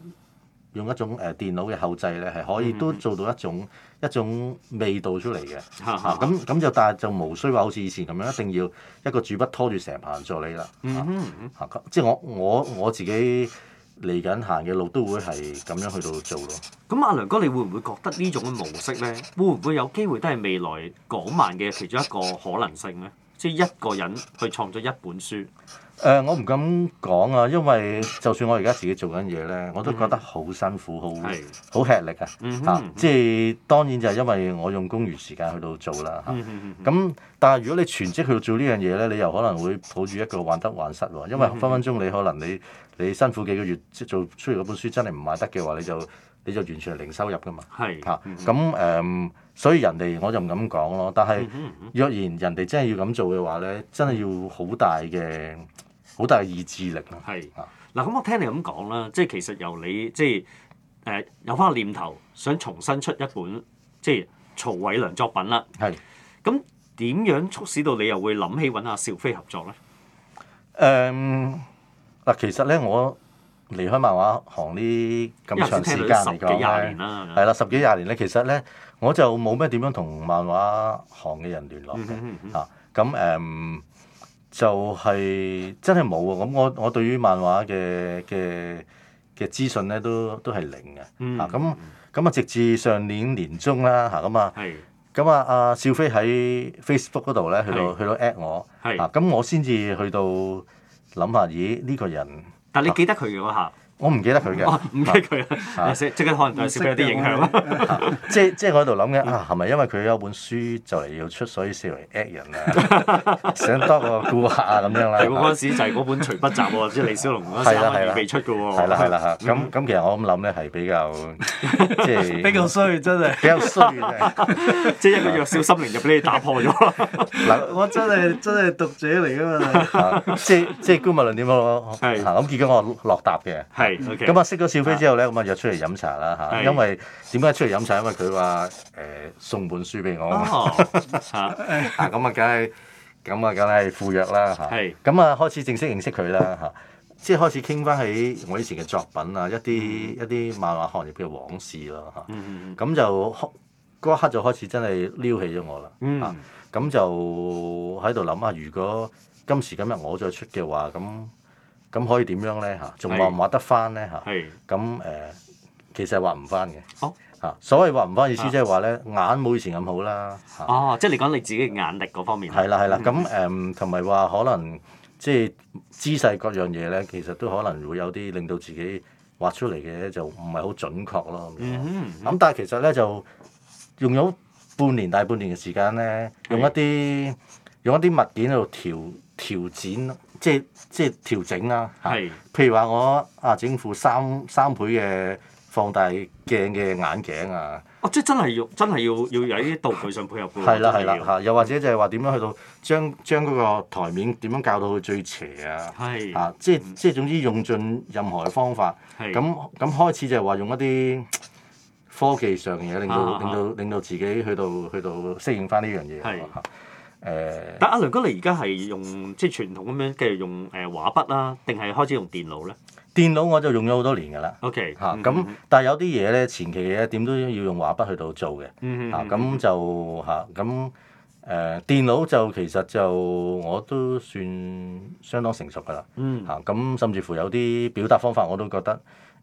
用一種誒、呃、電腦嘅後製咧，係可以都做到一種、嗯、哼一種味道出嚟嘅，咁，咁就但係就無需話好似以前咁樣一定要一個主筆拖住成棚助理啦，即係我我我自己。嚟緊行嘅路都會係咁樣去到做咯。咁阿良哥，你會唔會覺得呢種模式咧，會唔會有機會都係未來港漫嘅其中一個可能性咧？即係一個人去創作一本書。誒、呃，我唔敢講啊，因為就算我而家自己做緊嘢咧，我都覺得好辛苦、好好吃力啊。嗯哼嗯哼啊，即係當然就係因為我用工餘時間去到做啦。咁、啊嗯嗯、但係如果你全職去做呢樣嘢咧，你又可能會抱住一個患得患失喎、啊。因為分分鐘你可能你你，你辛苦幾個月即係做出嚟嗰本書真係唔賣得嘅話，你就。你就完全係零收入噶嘛？係吓，咁誒，所以人哋我就唔敢講咯。但係、嗯嗯、若然人哋真係要咁做嘅話咧，真係要好大嘅好大嘅意志力咯。係。嗱，咁我聽你咁講啦，即係其實由你即係誒、呃、有返個念頭想重新出一本即係曹偉良作品啦。係是。咁點樣促使到你又會諗起揾阿邵飛合作咧？誒，嗱，其實咧我。離開漫畫行呢咁長時間嚟講，係啦， [MUSIC] 十幾廿年咧。其實咧，我就冇咩點樣同漫畫行嘅人聯絡嘅嚇。咁誒、嗯嗯，就係真係冇啊。咁、um, 就係、我我對於漫畫嘅嘅嘅資訊咧，都都係零嘅嚇。咁咁、嗯、啊，直至上年年中啦嚇，咁啊，咁是啊，阿少飛喺 Facebook 嗰度咧，去到是去到 at 我嚇，咁是、啊、我先至去到諗下，咦呢、呢個人？但你記得佢嘅話下？我唔記得佢嘅，唔記得佢，即刻可能對佢有啲影響啦。即即我喺度諗緊啊，係咪因為佢有本書就嚟要出，所以先嚟呃人啊，想多個顧客啊咁樣啦。嗰陣時就係嗰本《隨筆集》喎，即李小龍嗰三部未出嘅喎。啦係啦，咁咁其實我咁諗咧係比較即比較衰，真係比較衰，即一個弱小心靈就俾你打破咗嗱，我真係真係讀者嚟噶嘛，即即官民論點咯。係，咁結果我落答嘅。咁啊，嗯、識咗小飛之後咧，咁啊約出嚟飲茶啦嚇、啊。因為點解出嚟飲茶？因為佢話誒送本書俾我。咁、oh, uh, uh, 啊，梗係咁啊，梗係赴約啦嚇。咁啊，開始正式認識佢啦、啊、即係開始傾翻起我以前嘅作品漫漫啊，一啲一啲漫畫行業嘅往事咯。咁就嗰一刻就開始真係撩起咗我啦。咁、嗯啊、就喺度諗下，如果今時今日我再出嘅話，咁。咁可以點樣咧嚇？仲畫唔畫得翻咧嚇？咁誒的、呃，其實係畫唔翻嘅。嚇、哦，所謂畫唔翻意思即係話咧，啊、眼冇以前咁好啦。啊啊、哦，即係你講你自己眼力嗰方面。係啦係啦，咁誒同埋話可能即係姿勢各樣嘢咧，其實都可能會有啲令到自己畫出嚟嘅就唔係好準確咯。嗯哼嗯哼。咁但係其實咧就用咗半年大半年嘅時間咧，用一啲用一啲物件喺度調調剪。即係即係調整啦，啊、是譬如話我啊，整副三三倍嘅放大鏡嘅眼鏡啊。哦、啊，即係真係要真係要要喺道具上配合嘅。係啦係啦，又或者就係話點樣去到將將嗰個台面點樣教到佢最斜啊，是啊？即係即係總之用盡任何嘅方法。咁咁是開始就係話用一啲科技上嘅嘢，令到、啊啊、令到令到自己去到去到適應翻呢樣嘢。的誒，但阿梁哥你而家係用即係傳統咁樣，繼續用誒畫筆啦、啊，定係開始用電腦咧？電腦我就用咗好多年㗎啦。OK，嚇、啊，咁但係有啲嘢咧，前期嘅嘢點都要用畫筆去到做嘅。嗯、啊、咁就嚇咁誒電腦就其實就我都算相當成熟㗎啦。嗯。咁、啊、甚至乎有啲表達方法我都覺得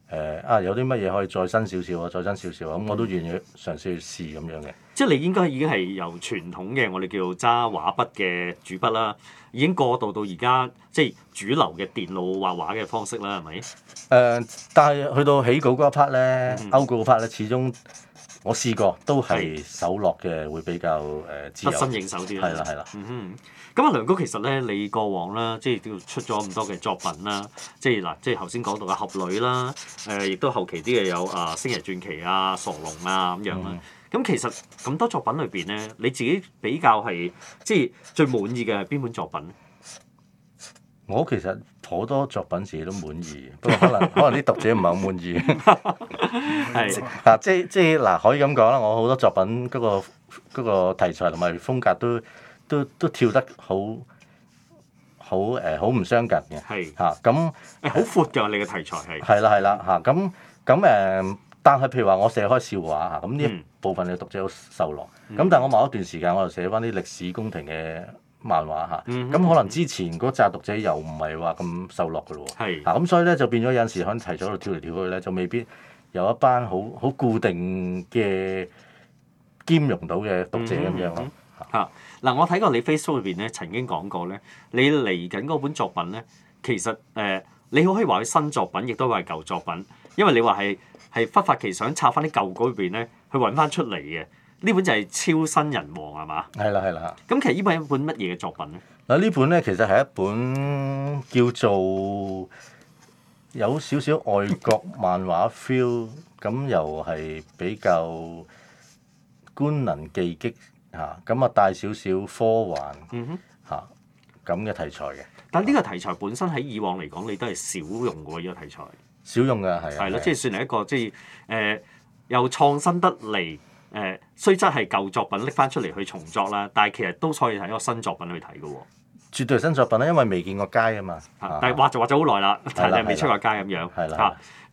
誒啊，有啲乜嘢可以再新少少啊，再新少少啊，咁我都願意嘗試去試咁樣嘅。即係你應該已經係由傳統嘅我哋叫揸畫筆嘅主筆啦，已經過渡到而家即係主流嘅電腦畫畫嘅方式啦，係咪？誒、呃，但係去到起稿嗰一 part 咧，勾稿嗰 part 咧，始終我試過都係手落嘅會比較誒的得心應手啲啦。係啦，係啦。嗯哼，咁啊，梁哥其實咧，你過往啦，即係都出咗咁多嘅作品啦，即係嗱，即係頭先講到嘅俠女啦，誒、呃，亦都後期啲嘅有啊《星爺傳奇》啊，《傻龍》啊咁樣啦、嗯。咁其實咁多作品裏邊咧，你自己比較係即係最滿意嘅邊本作品？我其實好多作品自己都滿意，不過可能 [LAUGHS] 可能啲讀者唔係好滿意。係嗱，即即嗱，可以咁講啦。我好多作品嗰個嗰個題材同埋風格都都都跳得好好誒，好唔相近嘅。係嚇咁誒，好闊㗎你嘅題材係。係啦，係啦嚇咁咁誒。嗯但係，譬如話我寫開笑話嚇，咁呢部分嘅讀者好受落。咁、嗯、但係我某一段時間，我又寫翻啲歷史宮廷嘅漫畫嚇。咁、嗯嗯嗯、可能之前嗰紮讀者又唔係話咁受落嘅咯喎。咁是、啊、所以咧就變咗有陣時喺題組度跳嚟跳去咧，就未必有一班好好固定嘅兼容到嘅讀者咁樣咯。嚇嗱、嗯嗯啊啊，我睇過你 Facebook 入邊咧曾經講過咧，你嚟緊嗰本作品咧，其實誒、呃，你好可以話佢新作品，亦都話係舊作品，因為你話係。係忽發奇想拆翻啲舊稿入邊咧，去揾翻出嚟嘅呢本就係、是、超新人王係嘛？係啦係啦。咁其實呢本係一本乜嘢嘅作品咧？嗱呢本咧其實係一本叫做有少少外國漫畫 feel，咁 [LAUGHS] 又係比較官能技擊嚇，咁啊帶少少科幻嚇咁嘅題材嘅。嗯、哼但係呢個題材本身喺以往嚟講，你都係少用嘅喎呢個題材。少用㗎係，係咯的，即係算係一個即係誒，又、呃、創新得嚟誒、呃，雖則係舊作品拎翻出嚟去重作啦，但係其實都可以係一個新作品去睇㗎喎。絕對新作品啦，因為未見過街啊嘛。啊但係畫就畫咗好耐啦，的但係未出過街咁樣。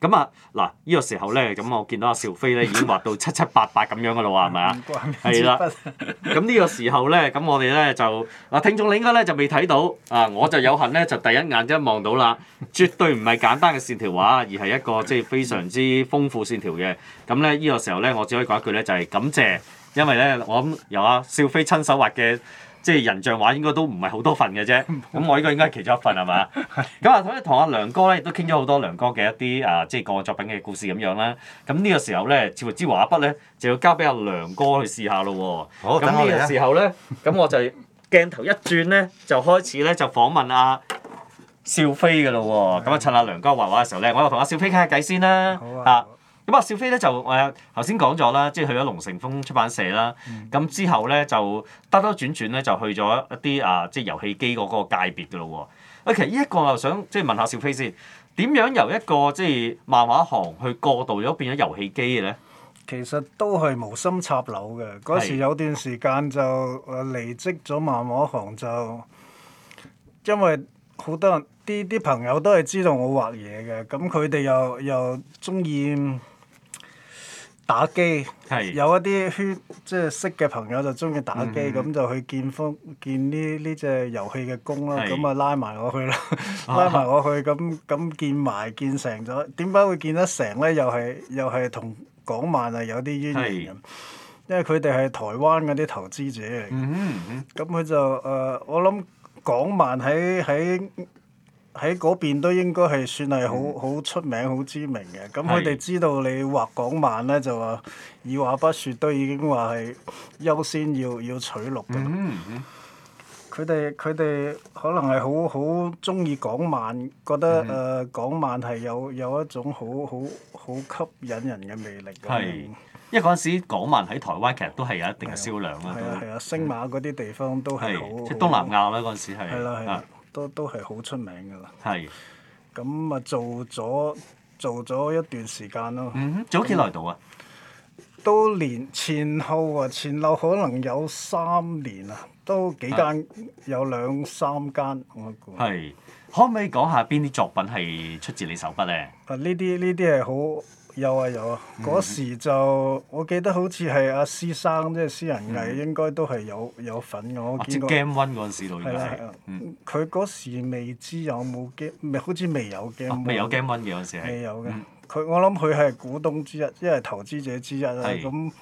咁啊嗱，呢、呢個時候咧，咁我見到阿兆飛咧已經畫到七七八八咁樣噶啦喎，係咪啊？唔係啦。咁呢 [LAUGHS] 個時候咧，咁我哋咧就嗱，聽眾你應該咧就未睇到啊，我就有幸咧就第一眼即望到啦，絕對唔係簡單嘅線條畫，而係一個即係非常之豐富線條嘅。咁咧呢個時候咧，我只可以講一句咧，就係感謝，因為咧我諗由阿兆飛親手畫嘅。即係人像畫應該都唔係好多份嘅啫，咁 [LAUGHS] 我呢個應該係其中一份係嘛？咁啊，咁同阿梁哥咧亦都傾咗好多梁哥嘅一啲啊，即係個作品嘅故事咁樣啦。咁呢個時候咧，趙無之畫筆咧就要交俾阿梁哥去試下咯喎。好，咁呢個時候咧，咁我，我就鏡頭一轉咧，就開始咧就訪問阿、啊、少飛㗎咯喎。咁的啊，啊，趁阿梁哥畫畫嘅時候咧，我又同阿少飛傾下偈先啦。好。咁阿小飛咧就誒頭先講咗啦，即係去咗龍城風出版社啦。咁、嗯、之後咧就兜兜轉轉咧就去咗一啲啊，即係遊戲機嗰個界別噶咯喎。啊，其實呢一個我又想即係問下小飛先，點樣由一個即係漫畫行去過渡咗變咗遊戲機嘅咧？其實都係無心插柳嘅。嗰時有段時間就啊，離職咗漫畫行就，因為好多人啲啲朋友都係知道我畫嘢嘅，咁佢哋又又中意。打機，是有一啲圈，即係識嘅朋友就中意打機，咁、嗯、哼就去見風見呢呢隻遊戲嘅功啦。咁啊是拉埋我去啦，拉埋我去咁咁、啊、見埋見成咗。點解會見得成咧？又係又係同港漫係有啲淵源，是因為佢哋係台灣嗰啲投資者嚟。咁佢、嗯、哼就誒、呃，我諗港漫喺喺。喺嗰邊都應該係算係好好出名、好知名嘅。咁佢哋知道你畫港漫咧，就話二話不説都已經話係優先要要取錄嘅。佢哋佢哋可能係好好中意港漫，覺得誒、嗯呃、港漫係有有一種好好好吸引人嘅魅力。係，咁樣，因為嗰陣時港漫喺台灣其實都係有一定嘅銷量啊。係啊係啊，係啊，星馬嗰啲地方都係好。即係東南亞啦，嗰陣時係。係啦係啦。都都係好出名㗎啦！係是，咁啊做咗做咗一段時間咯。嗯哼，早幾耐到啊？都年前後啊，前後可能有三年啊，都幾間是有兩三間我估。係，可唔可以講下邊啲作品係出自你手筆咧？呢啲呢啲係好。有啊有啊！嗰時就我記得好似係阿施生，即係施仁毅，應該都係有有份嘅。我見過佢嗰時未知有冇 game，好似未有 game one 嘅，嗰時係未有嘅。佢我諗佢係股東之一，即係投資者之一啊。咁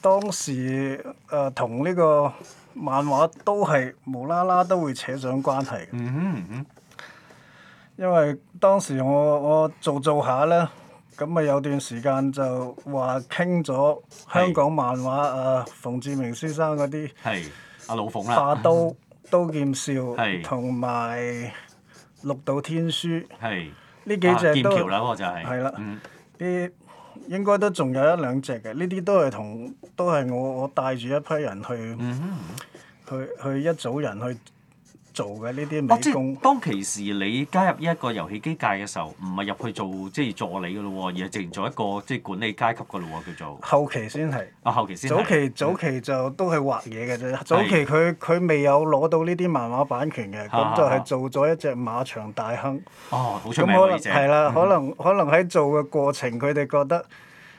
當時誒同呢個漫畫都係無啦啦都會扯上關係。因為當時我我做做下咧。咁咪有段時間就話傾咗香港漫畫啊是、呃，馮志明先生嗰啲，阿老馮啦，化刀、 [LAUGHS] 刀劍笑，同埋是六道天書，呢是幾隻都係啦，啲、啊、應該都仲有一兩隻嘅。呢啲都係同都係我我帶住一批人去，嗯嗯去去一組人去。做嘅呢啲美工。啊、當其時你加入呢一個遊戲機界嘅時候，唔係入去做即係助理嘅咯喎，而係淨做一個即係管理階級嘅咯喎叫做。後期先係。啊，後期先係。早期的早期就都係畫嘢嘅啫。早期佢佢未有攞到呢啲漫畫版權嘅，咁的就係做咗一隻馬場大亨，啊。哦，好出名啦在，可能 [LAUGHS] 可能喺做嘅過程，佢哋覺得。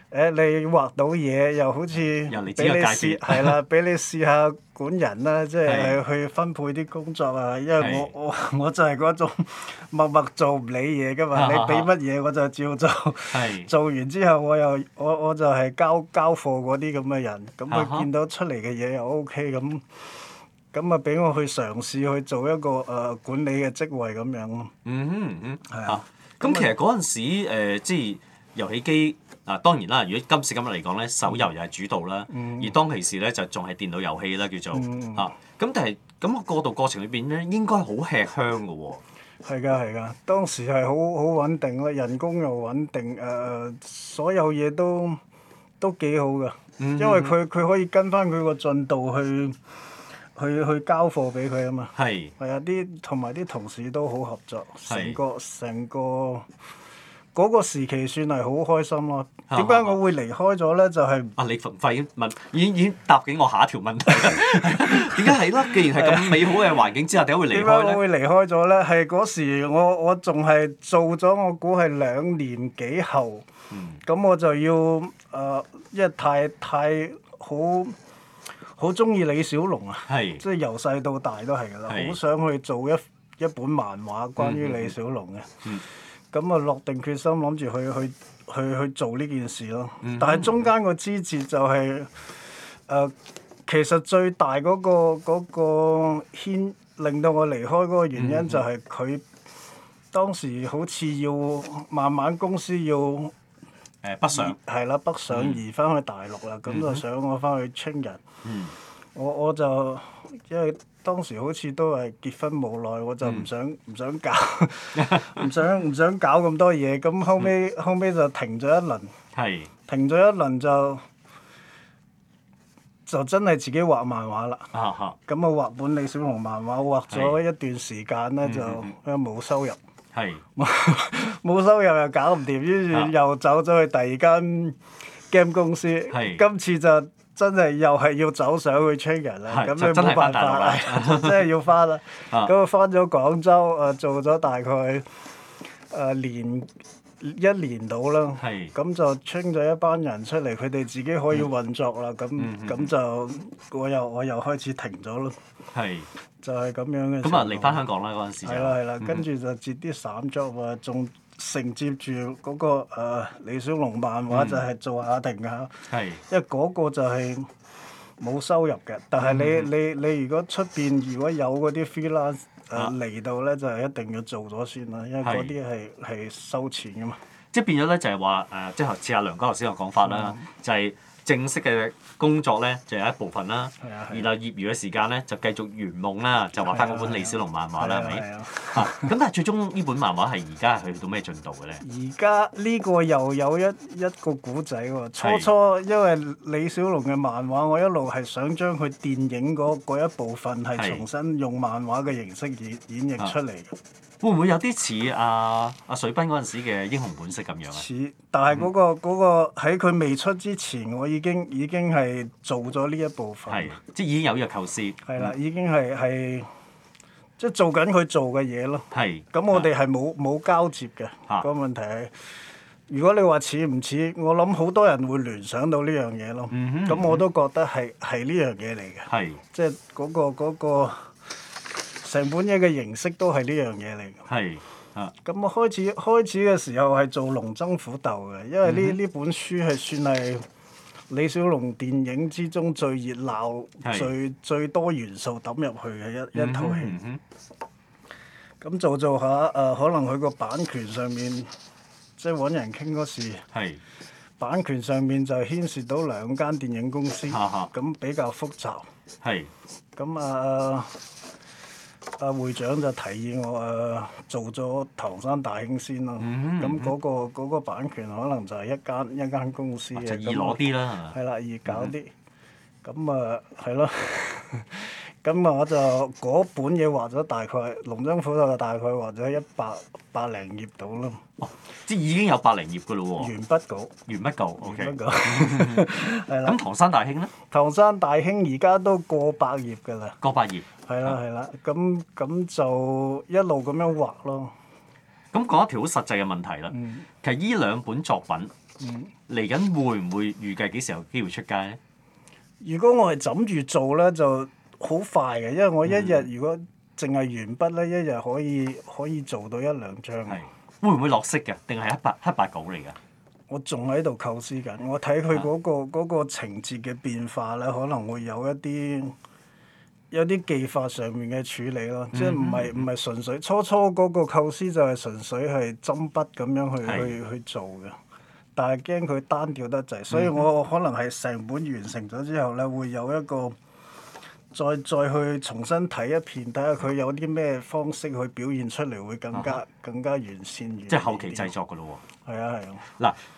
誒、欸、你畫到嘢，又好似俾你試係 [LAUGHS] 啦，俾你試下管人啦，即係去分配啲工作啊！因為我 [LAUGHS] 我我就係嗰種默默做唔理嘢嘅嘛， [LAUGHS] 你俾乜嘢我就照做。 [LAUGHS] [LAUGHS] [LAUGHS] 做完之後我，我又我我就係交交貨嗰啲咁嘅人，咁佢見到出嚟嘅嘢又 OK 咁，咁咪俾我去嘗試去做一個誒、呃、管理嘅職位咁樣咯。嗯哼，嗯哼，嗯。係啊。咁、啊、其實嗰陣時誒，即、呃、係、就是、遊戲機。嗱、啊、當然啦，如果今時今日嚟講咧，手遊又係主導啦，嗯、而當其時咧就仲係電腦遊戲啦，叫做嚇。咁、嗯嗯啊、但係咁、咁個過渡過程裏邊咧，應該好吃香噶喎、哦。係噶係噶，當時係好好穩定啦，人工又穩定，誒、呃、所有嘢都都幾好噶，因為佢佢、嗯、可以跟翻佢個進度去去去交貨俾佢啊嘛。係的。係啊，啲同埋啲同事都好合作，成個成個。嗰個時期算係好開心咯。點解我會離開咗咧？就係啊！你發唔發現，問，已經已經答緊我下一條問題。點解係咧？既然係咁美好嘅環境之下，點解會離開咧？點解我會離開咗咧？係嗰時我我仲係做咗，我，我估係兩年幾後。嗯。咁我就要誒、呃，因為太太好好鍾意李小龍啊，即係由細到大都係㗎啦。好是想去做一一本漫畫關於李小龍嘅。嗯嗯嗯咁啊落定決心，諗住去去去去做呢件事咯。嗯、哼但係中間個支節就係、是、誒、呃，其實最大嗰、那個嗰、那個牽令到我離開嗰個原因就係佢當時好似要慢慢公司要北上，係啦、嗯、哼北上移翻去大陸啦，咁、嗯、哼就想我翻去請人。嗯、哼我我就。因為當時好似都係結婚冇耐，我就唔想唔想搞，唔想唔想搞咁多嘢。咁後尾後尾就停咗一輪，停咗一輪就就真係自己畫漫畫啦。咁我畫本《李小龍漫畫》，畫咗一段時間咧就冇收入。冇收入又搞唔掂，於是又走咗去第二間 game 公司。今次就。真係又係要走上去 train 人啊，咁你冇辦法啊！真係要翻啦。咁啊，翻咗廣州啊，做咗大概啊年一年到啦。咁就 train 咗一班人出嚟，佢哋自己可以運作啦。咁咁就我又我又開始停咗咯。就係咁樣嘅。咁啊，翻香港啦嗰時。係啦係啦，跟住就接啲散 job 啊，仲。承接住嗰、那個誒、呃、李小龍漫畫就係做阿停下，嗯、因為嗰個就係冇收入嘅。但係你、嗯、你你如果出邊如果有嗰啲 freelancer 嚟到咧，就係、一定要做咗先啦，因為嗰啲係係收錢噶嘛。即係變咗咧，就係話誒，即係好似阿梁哥頭先嘅講法啦，嗯、就係、係。正式嘅工作咧，就有一部分啦。然後、啊啊、業餘嘅時間咧，就繼續圓夢啦，啊、就畫翻嗰本李小龍漫畫啦，係咪、啊？嚇、啊！咁但係最終呢本漫畫係而家係去到咩進度嘅咧？而家呢個又有一一個故仔喎、哦。初初因為李小龍嘅漫畫，我一路係想將佢電影嗰嗰一部分係重新用漫畫嘅形式演演繹出嚟。會唔會有啲似阿阿水兵嗰陣時嘅英雄本色咁樣啊？似，但係嗰、那個嗰、嗯那個喺佢未出之前，我已經已經係做咗呢一部分。即係已經有約構思。係啦，已經係係即係做緊佢做嘅嘢咯。係是。咁、嗯、我哋係冇冇交接嘅的個問題係。如果你話似唔似，我諗好多人會聯想到呢樣嘢咯。嗯咁哼我都覺得係係呢樣嘢嚟嘅。即係嗰個嗰個。成本嘢嘅形式都係呢樣嘢嚟。係。啊。咁我開始開始嘅時候係做龍爭虎鬥嘅，因為呢呢本書係算係李小龍電影之中最熱鬧、最最多元素揼入去嘅一一套戲。咁做做下誒，可能佢個版權上面即係揾人傾嗰時。係。版權上面就牽涉到兩間電影公司。嚇。咁比較複雜。係。咁啊～阿會長就提議我誒做咗唐山大興先咯，咁嗰個嗰個版權可能就係一間一間公司嘅咁。就易攞啲啦，係嘛？係啦，易搞啲。咁啊，係咯。咁啊，我就嗰本嘢畫咗大概，龍爭虎鬥就大概畫咗一百百零頁到咯。哦，即係已經有百零頁嘅咯喎。鉛筆稿。鉛筆稿。鉛筆稿。係啦。咁唐山大興咧？唐山大興而家都過百頁嘅啦。過百頁。係啦，係啦，咁咁就一路咁樣畫咯。咁講一條好實際嘅問題啦。嗯、其實依兩本作品嚟緊、嗯、會唔會預計幾時有機會出街咧？如果我係枕住做咧，就好快嘅，因為我一日、嗯、如果淨係鉛筆咧，一日可以可以做到一兩張。係會唔會落色㗎？定係黑白黑白稿嚟㗎？我仲喺度構思緊。我睇佢嗰個嗰個情節嘅變化咧，可能會有一啲。有啲技法上面嘅處理咯，即係唔係唔係純粹、嗯、初初嗰個構思就係純粹係針筆咁樣去去的去做嘅，但係驚佢單調得滯，所以我可能係成本完成咗之後咧，會有一個再再去重新睇一遍，睇下佢有啲咩方式去表現出嚟會更加更加完善。啊、完善即係後期製作㗎咯喎。係啊，係啊！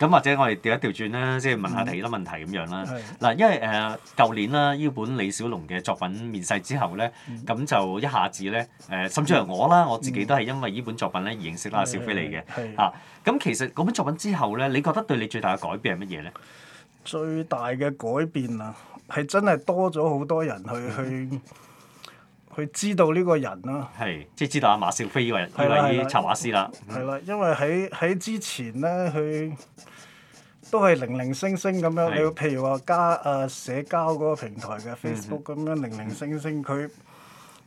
嗱，咁或者我哋調一調轉啦，即係問,問下你啦問題咁樣啦。嗱、嗯，因為誒舊、呃、年啦，依本李小龍嘅作品面世之後咧，咁、嗯、就一下子咧，誒、呃，甚至係我啦，嗯、我自己都係因為依本作品咧而認識啦小飛利嘅。係、嗯。咁、嗯啊、其實嗰本作品之後咧，你覺得對你最大嘅改變係乜嘢咧？最大嘅改變啊，係真係多咗好多人去去。 [LAUGHS] 佢知道呢個人啦、啊，即係知道阿、啊、馬少飛為為啲插畫師啦。係啦，因為喺喺之前咧，佢都係零零星星咁樣。你的譬如話加啊社交嗰個平台嘅 Facebook 咁、嗯、哼樣零零星星，佢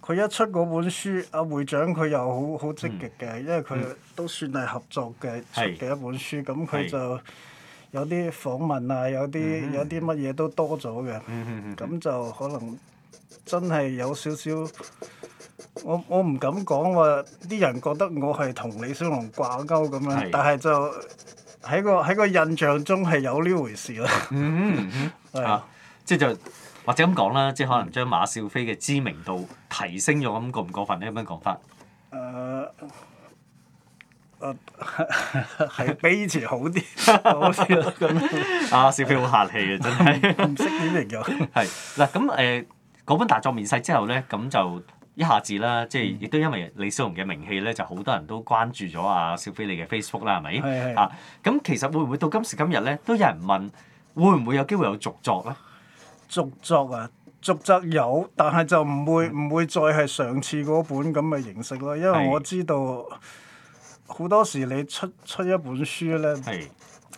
佢一出嗰本書，阿、啊、會長佢又好好積極嘅，因為佢都算係合作嘅的出嘅一本書，咁佢就有啲訪問啊，有啲、嗯、哼有啲乜嘢都多咗嘅，咁就可能。真係有少少，我我唔敢講話啲人覺得我係同李小龍掛鈎咁樣，的但係就喺個喺個印象中係有呢回事啦。嗯，的啊，即係就或者咁講啦，即係可能將馬少飛嘅知名度提升咗，咁過唔過分咧？有咩講法？誒誒係比以前好啲。哈哈好樣啊，少飛好客氣啊，真係唔識點形容。係嗱咁誒。嗰本大作面世之後咧，咁就一下子啦，嗯、即係亦都因為李小龍嘅名氣咧，就好多人都關注咗阿、啊、小飛利嘅 Facebook 啦，係咪？係係。啊，咁其實會唔會到今時今日咧，都有人問，會唔會有機會有續作咧？續作啊，續作有，但係就唔會唔、嗯、會再係上次嗰本咁嘅形式咯。因為我知道好多時你出出一本書咧，係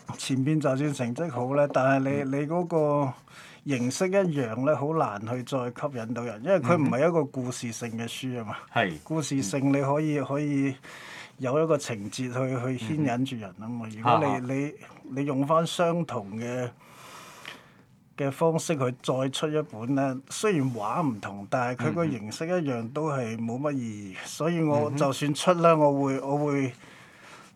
係前邊就算成績好咧，但係你、嗯、你嗰、嗰個。形式一樣咧，好難去再吸引到人，因為佢唔係一個故事性嘅書啊嘛。Mm hmm. 故事性你可以可以有一個情節去去牽引住人啊嘛。Mm hmm. 如果你、mm hmm. 你你用返相同嘅嘅方式去再出一本咧，雖然畫唔同，但係佢個形式一樣都係冇乜意義。所以我就算出咧，我會我會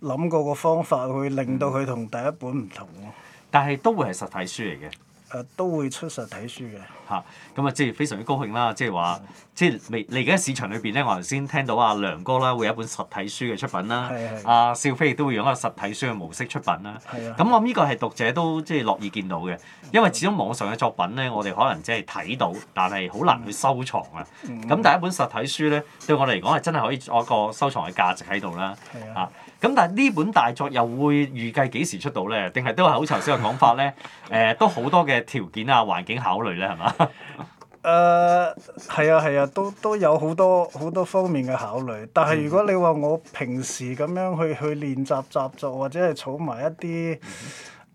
諗過個方法去令到佢同第一本唔同咯。但係都會係實體書嚟嘅。誒都會出實體書嘅嚇，咁啊即係非常之高興啦！即係話，的即係未嚟而家市場裏邊咧，我頭先聽到阿梁哥啦會有一本實體書嘅出品啦，阿的、啊、少飛亦都會用一個實體書嘅模式出品啦。咁我呢個係讀者都即係樂意見到嘅，因為始終網上嘅作品咧，我哋可能只係睇到，但係好難去收藏啊。咁但、嗯、一本實體書咧，對我嚟講係真係可以有一個收藏嘅價值喺度啦。嚇的！的咁但係呢本大作又會預計幾時出到咧？定係都係好似頭先嘅講法咧？誒、呃，都好多嘅條件啊、環境考慮咧，係嘛？誒、呃，係啊，係啊，都都有好多好多方面嘅考慮。但係如果你話我平時咁樣去去練習習作，或者係儲埋一啲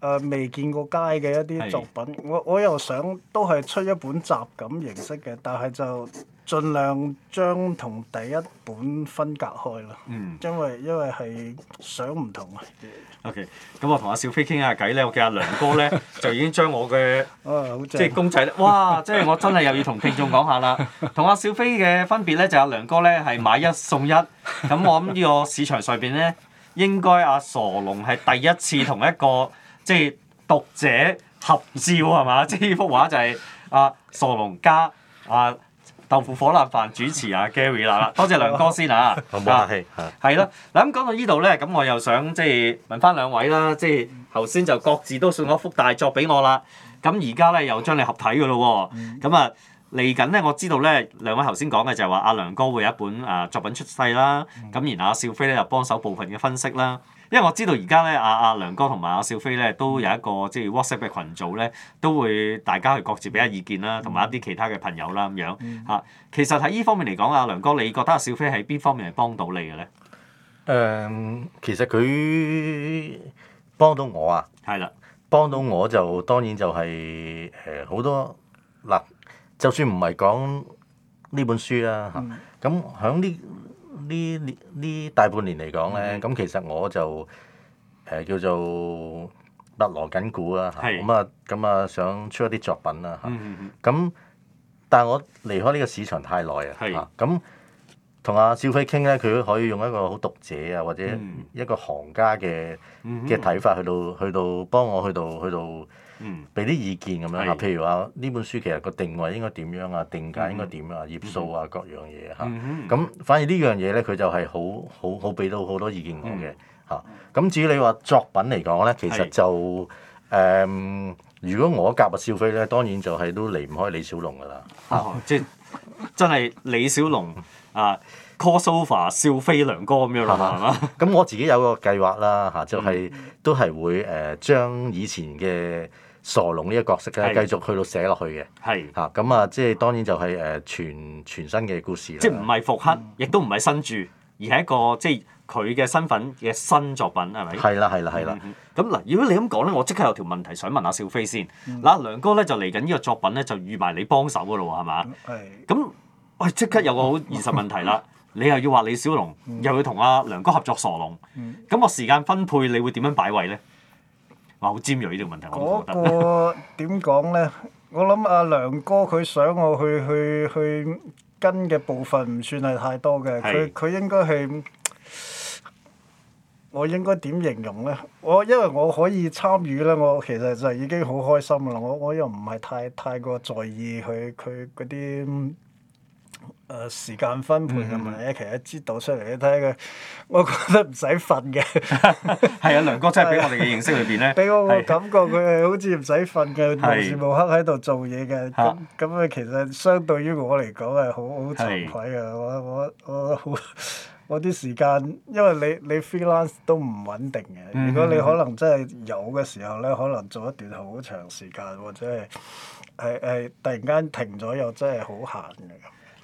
誒未見過街嘅一啲作品，是我我又想都係出一本集咁形式嘅，但係就～盡量將同第一本分隔開咯，嗯、因為因為係想唔同啊。O.K. 咁我同阿小飛傾下偈咧， [LAUGHS] 我見阿梁哥咧就已經將我嘅即係公仔咧，哇！即係我真係又要同聽眾講下啦，同阿 [LAUGHS] 小飛嘅分別咧就阿、係、梁哥咧係買一送一。咁我諗呢個市場上邊咧，應該阿、啊、傻龍係第一次同一個即係、就是、讀者合照係嘛？即係呢幅畫就係、是、阿、啊、傻龍加阿。啊豆腐火辣飯主持啊 Gary 啦，多謝梁哥先嚇，冇客氣，係咯。嗱咁講到呢度咧，咁我又想即係問翻兩位啦，即係頭先就各自都送咗一幅大作俾我啦。咁而家咧又將你合睇嘅咯喎，咁啊嚟緊咧，我知道咧兩位頭先講嘅就係話阿梁哥會有一本誒作品出世啦。咁然後阿少飛咧就幫手部分嘅分析啦。因為我知道而家咧，阿、啊、阿梁哥同埋阿小飛咧，都有一個即係 WhatsApp 嘅群組咧，都會大家去各自俾下意見啦，同埋、嗯、一啲其他嘅朋友啦咁樣嚇、嗯啊。其實喺依方面嚟講，阿梁哥，你覺得阿、啊、小飛喺邊方面係幫到你嘅咧？誒、嗯，其實佢幫到我啊，係啦的，幫到我就當然就係誒好多嗱，就算唔係講呢本書啦、啊、嚇，咁喺呢。呢呢大半年嚟講咧，咁、嗯、其實我就誒、呃、叫做密、呃、鑼緊鼓啊，咁啊咁啊想出一啲作品啦、啊、咁、嗯嗯嗯、但係我離開呢個市場太耐是啊，咁同阿小飛傾咧，佢可以用一個好讀者啊，或者一個行家嘅嘅睇法去到去到幫我去到去到。去到去到去到俾啲意見咁樣嚇，譬如話呢本書其實個定位應該點樣啊，定價應該點啊，頁數啊各樣嘢嚇。咁反而呢樣嘢咧，佢就係好好好俾到好多意見我嘅嚇。咁至於你話作品嚟講咧，其實就誒，如果我夾個少飛咧，當然就係都離唔開李小龍㗎啦。即係真係李小龍啊，cosova 少飛良哥咁樣啦，咁我自己有個計劃啦嚇，就係都係會誒將以前嘅。傻龍呢個角色咧，繼續去到寫落去嘅。係的。嚇咁啊，即係當然就係、是、誒、呃、全全新嘅故事啦。即係唔係復刻，亦都唔係新著，而係一個即係佢嘅身份嘅新作品，係咪？係啦，係啦，係啦。咁嗱、嗯，如果你咁講咧，我即刻有條問題想問阿少飛先。嗱、嗯，梁哥咧就嚟緊呢個作品咧，就預埋你幫手噶咯喎，係嘛？咁、嗯，我、嗯、即刻有個好現實問題啦。嗯、你又要畫李小龍，嗯、又要同阿梁哥合作傻龍，咁、嗯、我時間分配，你會點樣擺位咧？冇，尖銳呢個問題，我覺得。嗰個點講咧？我諗阿梁哥佢想我去去去跟嘅部分唔算係太多嘅，佢佢是應該係我應該點形容咧？我因為我可以參與咧，我其實就已經好開心啦。我我又唔係太太過在意佢佢嗰啲。誒時間分配咁嘅嘢，其實知道出嚟你睇下佢，我覺得唔使瞓嘅。係 [LAUGHS] 啊，梁哥真係俾我哋嘅認識裏邊咧，俾 [LAUGHS] 我個感覺佢係是好似唔使瞓嘅，無時無刻喺度做嘢嘅。咁咁是其實相對於我嚟講係好好慚愧啊是！我我我好我啲時間，因為你你 freelance 都唔穩定嘅。嗯、哼如果你可能真係有嘅時候咧，可能做一段好長時間，或者係係係突然間停咗又真係好閒嘅。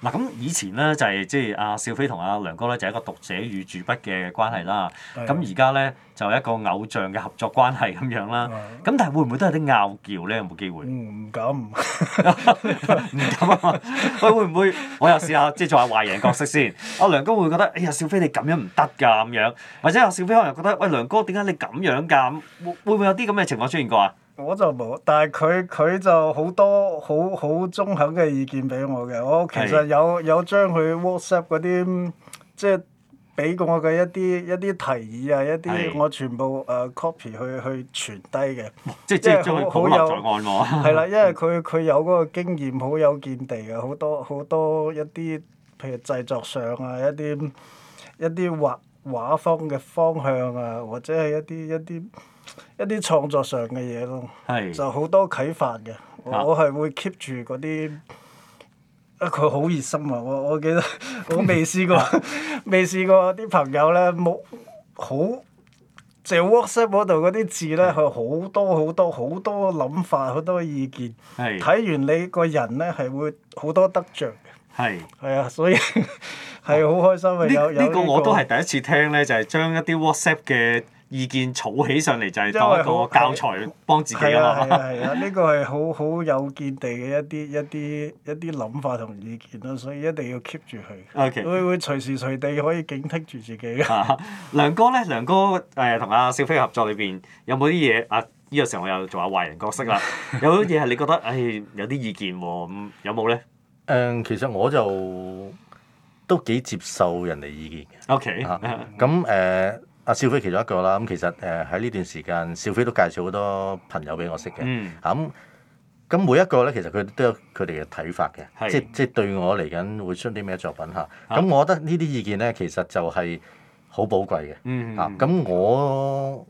嗱咁以前咧就係即係阿小飛同阿梁哥咧就係一個讀者與主筆嘅關係啦。咁而家咧就一個偶像嘅合作關係咁樣啦。咁的但係會唔會都有啲拗撬咧？有冇機會？唔、嗯、敢，唔 [LAUGHS] [LAUGHS] 敢啊吧！喂、 [LAUGHS] 哎，會唔會我又試下即係做下壞人角色先？阿、 [LAUGHS] 啊、梁哥會覺得哎呀，小飛你咁樣唔得㗎咁樣，或者阿小飛可能又覺得喂、哎，梁哥點解你咁樣㗎？會、會唔會有啲咁嘅情況出現過啊？我就冇，但係佢佢就好多好好中肯嘅意見俾我嘅。我其實有的有將佢 WhatsApp 嗰啲，即係俾過我嘅一啲一啲提議啊，一啲我全部誒 copy 去去存低嘅傳低。即係即係好好有在係啦，因為佢佢有嗰個經驗，好有見地嘅，好多好多一啲譬如製作上啊，一啲一啲畫畫風嘅方向啊，或者係一啲一啲。一啲創作上嘅嘢咯，是就好多啟發嘅。啊、我係會 keep 住嗰啲。啊！佢好熱心啊！我我記得我未試過，未 [LAUGHS] 試過啲朋友咧冇好。就喺 WhatsApp 嗰度嗰啲字咧，係好是多好多好多諗法，好多意見。睇是完你個人咧，係會好多得着嘅。係是。係啊，所以係好 [LAUGHS] 開心嘅。有，呢個我都係第一次聽咧，就係、是、將一啲 WhatsApp 嘅。意見儲起上嚟，就係當一個教材幫自己啊嘛。啊，係啊，呢個係好好有見地嘅一啲一啲一啲諗法同意見啦，所以一定要 keep 住佢。O K。會會隨時隨地可以警惕住自己嘅、啊。梁哥咧，梁哥誒同阿小飛合作裏邊有冇啲嘢？阿、啊、依、這個時候我又做下壞人角色啦， [LAUGHS] 有啲嘢係你覺得唉、哎、有啲意見喎、哦，咁有冇咧？誒、嗯，其實我就都幾接受人哋意見嘅。O K。咁誒。嗯阿少飛其中一個啦，咁其實誒喺呢段時間少飛都介紹好多朋友俾我識嘅，咁咁、嗯、每一個咧其實佢都有佢哋嘅睇法嘅，即是即對我嚟緊會出啲咩作品下咁、啊、我覺得呢啲意見咧其實就係好寶貴嘅。嗯、啊，咁我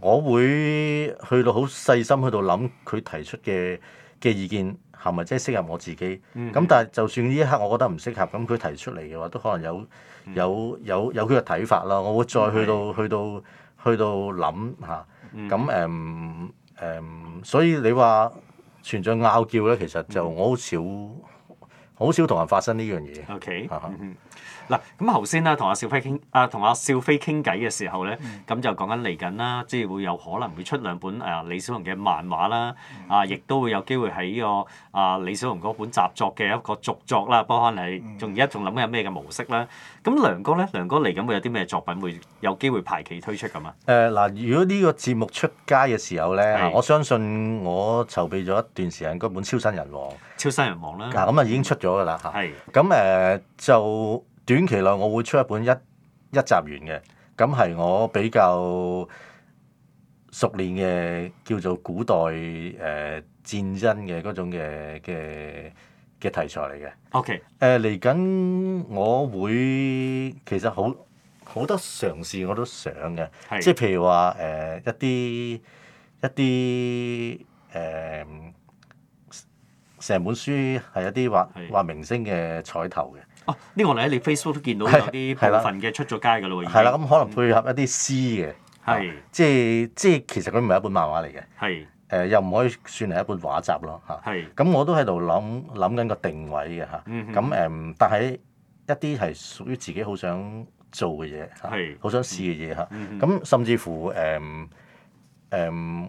我會去到好細心去到諗佢提出嘅嘅意見。係咪即係適合我自己？咁、mm hmm. 但係就算呢一刻我覺得唔適合，咁佢提出嚟嘅話都可能有有、mm hmm. 有有佢嘅睇法咯。我會再去到、mm hmm. 去到去到諗下，咁誒誒，hmm. um, um, 所以你話存在拗叫咧，其實就我好少好、mm hmm. 少同人發生呢樣嘢。OK。嗱咁頭先咧，同阿少飛傾，啊同阿少飛傾偈嘅時候咧，咁就講緊嚟緊啦，即係會有可能會出兩本誒李小龍嘅漫畫啦，啊亦都會有機會喺呢、這個啊李小龍嗰本習作嘅一個續作啦，幫翻你，仲而家仲諗緊有咩嘅模式咧？咁、嗯、梁哥咧，梁哥嚟緊會有啲咩作品會有機會排期推出咁啊？誒嗱、呃，如果呢個節目出街嘅時候咧，是我相信我籌備咗一段時間嗰本《超新人王》，超新人王啦。嗱咁啊，就已經出咗㗎啦嚇。係是。咁誒、呃、就。短期內我會出一本一一集完嘅，噉係我比較熟練嘅叫做古代誒、呃、戰爭嘅嗰種嘅嘅嘅題材嚟嘅。O.K. 誒嚟緊我會其實好好多嘗試我都想嘅，的即係譬如話誒、呃、一啲一啲誒成本書係有啲畫的畫明星嘅彩頭嘅。哦，呢、oh, 個嚟喺你 Facebook 都見到有啲部分嘅出咗街噶咯喎，係啦的，咁可能配合一啲詩嘅，係是的、啊，即係即係其實佢唔係一本漫畫嚟嘅，係是的、啊，誒又唔可以算係一本畫集咯嚇，咁、啊、是的 我都喺度諗諗緊個定位嘅嚇，咁、啊、誒，嗯、哼 但係一啲係屬於自己好想做嘅嘢好想試嘅嘢嚇，咁甚至乎誒誒、啊啊啊，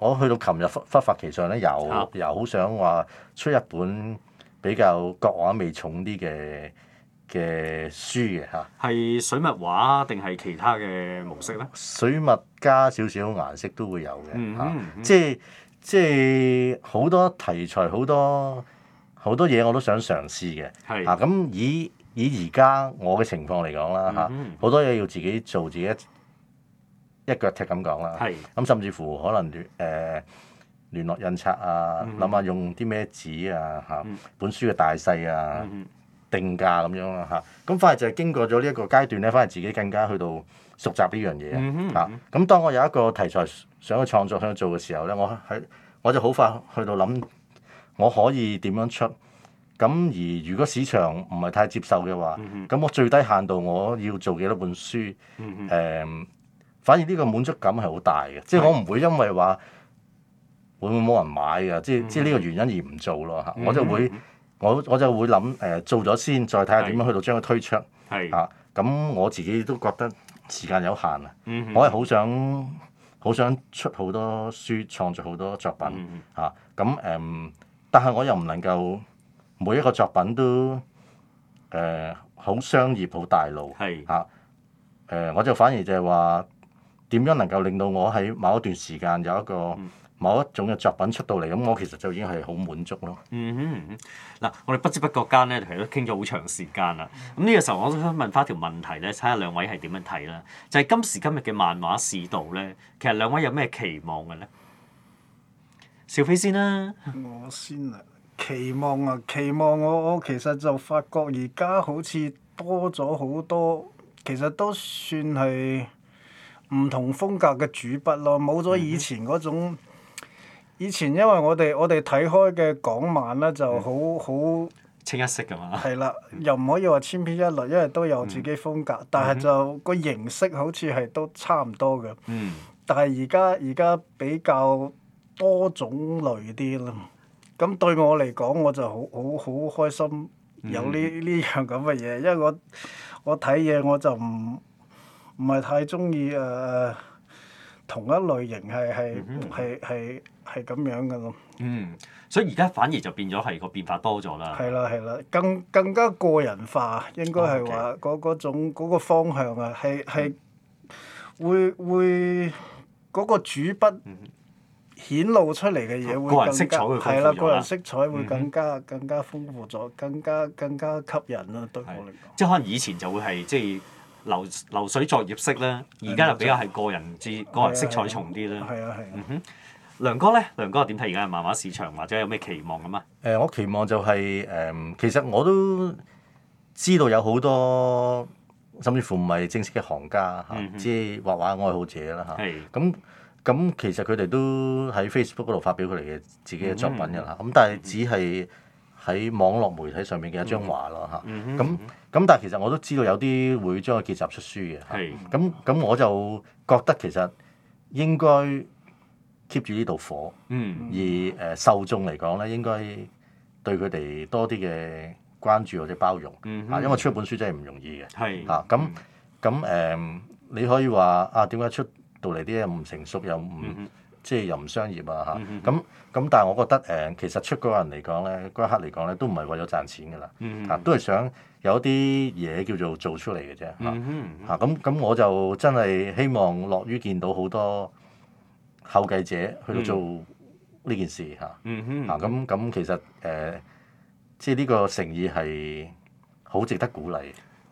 我去到琴日忽忽發奇想咧，有又好想話出一本。比較國畫味重啲嘅嘅書嘅嚇，係水墨畫定係其他嘅模式咧？水墨加少少顏色都會有嘅嚇、嗯嗯啊，即係即係好多題材，好多好多嘢我都想嘗試嘅是、啊。啊，咁以以而家我嘅情況嚟講啦嚇，好多嘢要自己做自己一,一腳踢咁講啦。咁是、啊、甚至乎可能誒。呃聯絡印刷啊，諗下、mm hmm. 用啲咩紙啊，嚇、mm hmm. 本書嘅大細啊，mm hmm. 定價咁樣啊，嚇咁反而就係經過咗呢一個階段咧，反而自己更加去到熟習呢樣嘢啊，咁當我有一個題材想去創作想去做嘅時候咧，我喺我就好快去到諗我可以點樣出，咁而如果市場唔係太接受嘅話，咁、mm hmm. 我最低限度我要做幾多本書，誒、mm hmm. 嗯，反而呢個滿足感係好大嘅，即係我唔會因為話。會唔會冇人買㗎？即係即係呢個原因而唔做咯、嗯、我就會我我就會諗誒、呃、做咗先，再睇下點樣去到將佢推出。係咁是、啊、我自己都覺得時間有限啊。嗯、我係好想好想出好多書，創作好多作品㗎。咁誒、嗯啊嗯，但係我又唔能夠每一個作品都誒好、呃、商業、好大路㗎。誒是、啊呃，我就反而就係話。點樣能夠令到我喺某一段時間有一個某一種嘅作品出到嚟？咁我其實就已經係好滿足咯。嗯哼，嗯哼，嗱，我哋不知不覺間咧，其實都傾咗好長時間啦。咁呢個時候，我想問翻一條問題咧，睇下兩位係點樣睇啦？就係今時今日嘅漫畫市道咧，其實兩位有咩期望嘅咧？小飛先啦。我先啊，期望啊，期望我我其實就發覺而家好似多咗好多，其實都算係。唔同風格嘅主筆咯，冇咗以前嗰種。嗯、哼以前因為我哋我哋睇開嘅港漫咧，就好好。清、嗯、很一色噶嘛？係啦，又唔可以話千篇一律，因為都有自己風格，嗯、但係就個、嗯、哼形式好似係都差唔多嘅。嗯、但係而家而家比較多種類啲啦。咁對我嚟講，我就好好好開心有呢呢、嗯、樣咁嘅嘢，因為我我睇嘢我就唔～唔係太鍾意誒同一類型係係係係係咁樣嘅咯。嗯、mm，hmm. 所以而家反而就變咗係個變化多咗啦。係啦係啦，更更加個人化，應該係話嗰嗰種嗰個方向啊，係係會、mm hmm. 會嗰個主筆顯露出嚟嘅嘢會更加係啦，mm hmm. 個人色彩會更加更加豐富咗，更加更加吸引啦，對我嚟講。Mm hmm. 即係可能以前就會係即係。流流水作業式咧，而家就比較係個人至，就是、個人色彩重啲咧。嗯哼，梁哥咧，梁哥又點睇而家嘅漫畫市場或者有咩期望咁啊？誒、呃，我期望就係、是、誒、呃，其實我都知道有好多甚至乎唔係正式嘅行家即係畫畫愛好者啦嚇。咁、啊、咁的其實佢哋都喺 Facebook 嗰度發表佢哋嘅自己嘅作品嘅嚇，咁但係只係喺網絡媒體上面嘅一張畫咯嚇。咁咁但係其實我都知道有啲會將個結集出書嘅，咁咁是、嗯、我就覺得其實應該 keep 住呢度火，而誒、呃、受眾嚟講咧，應該對佢哋多啲嘅關注或者包容，嗯嗯、因為出一本書真係唔容易嘅，啊咁咁誒，你可以話啊點解出到嚟啲嘢唔成熟又唔？嗯嗯嗯.即係又唔商業啊嚇，咁咁、mm hmm. 嗯、但係我覺得誒、嗯，其實出嗰個人嚟講咧，嗰一刻嚟講咧，都唔係為咗賺錢噶啦，mm hmm. 啊都係想有一啲嘢叫做做出嚟嘅啫嚇，咁咁，我就真係希望樂於見到好多後繼者去到做呢、mm hmm. 件事嚇，啊咁咁、啊、其實誒、呃，即係呢個誠意係好值得鼓勵。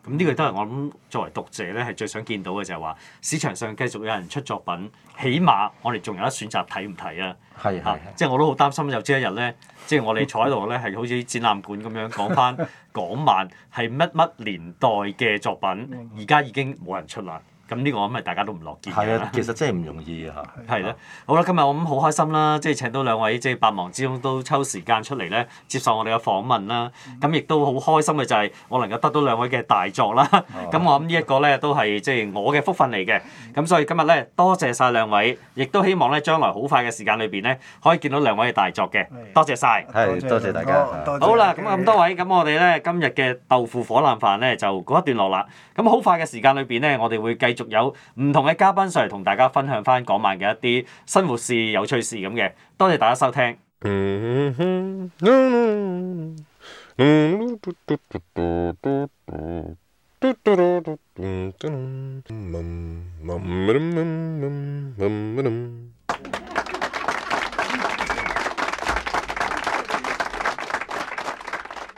咁呢個都係我諗作為讀者咧，係最想見到嘅就係話，市場上繼續有人出作品，起碼我哋仲有得選擇睇唔睇啦。係即係我都好擔心有朝一日咧， [LAUGHS] 即係我哋坐喺度咧，係好似展覽館咁樣講返港漫係乜乜年代嘅作品，而家 [LAUGHS] 已經冇人出啦。咁呢個我諗大家都唔樂見嘅。係啊，其實真係唔容易啊。係啦，好啦，今日我諗好開心啦，即係請到兩位即係百忙之中都抽時間出嚟咧，接受我哋嘅訪問啦。咁亦都好開心嘅就係我能夠得到兩位嘅大作啦。咁我諗呢一個咧都係即係我嘅福分嚟嘅。咁所以今日咧多謝曬兩位，亦都希望咧將來好快嘅時間裏邊咧可以見到兩位嘅大作嘅。多謝曬。係，多謝大家。好啦，咁咁多位，咁我哋咧今日嘅豆腐火腩飯咧就告一段落啦。咁好快嘅時間裏邊咧，我哋會繼仲有唔同嘅嘉賓上嚟同大家分享翻港漫嘅一啲生活事、有趣事咁嘅。多謝大家收聽。 [MUSIC] [MUSIC]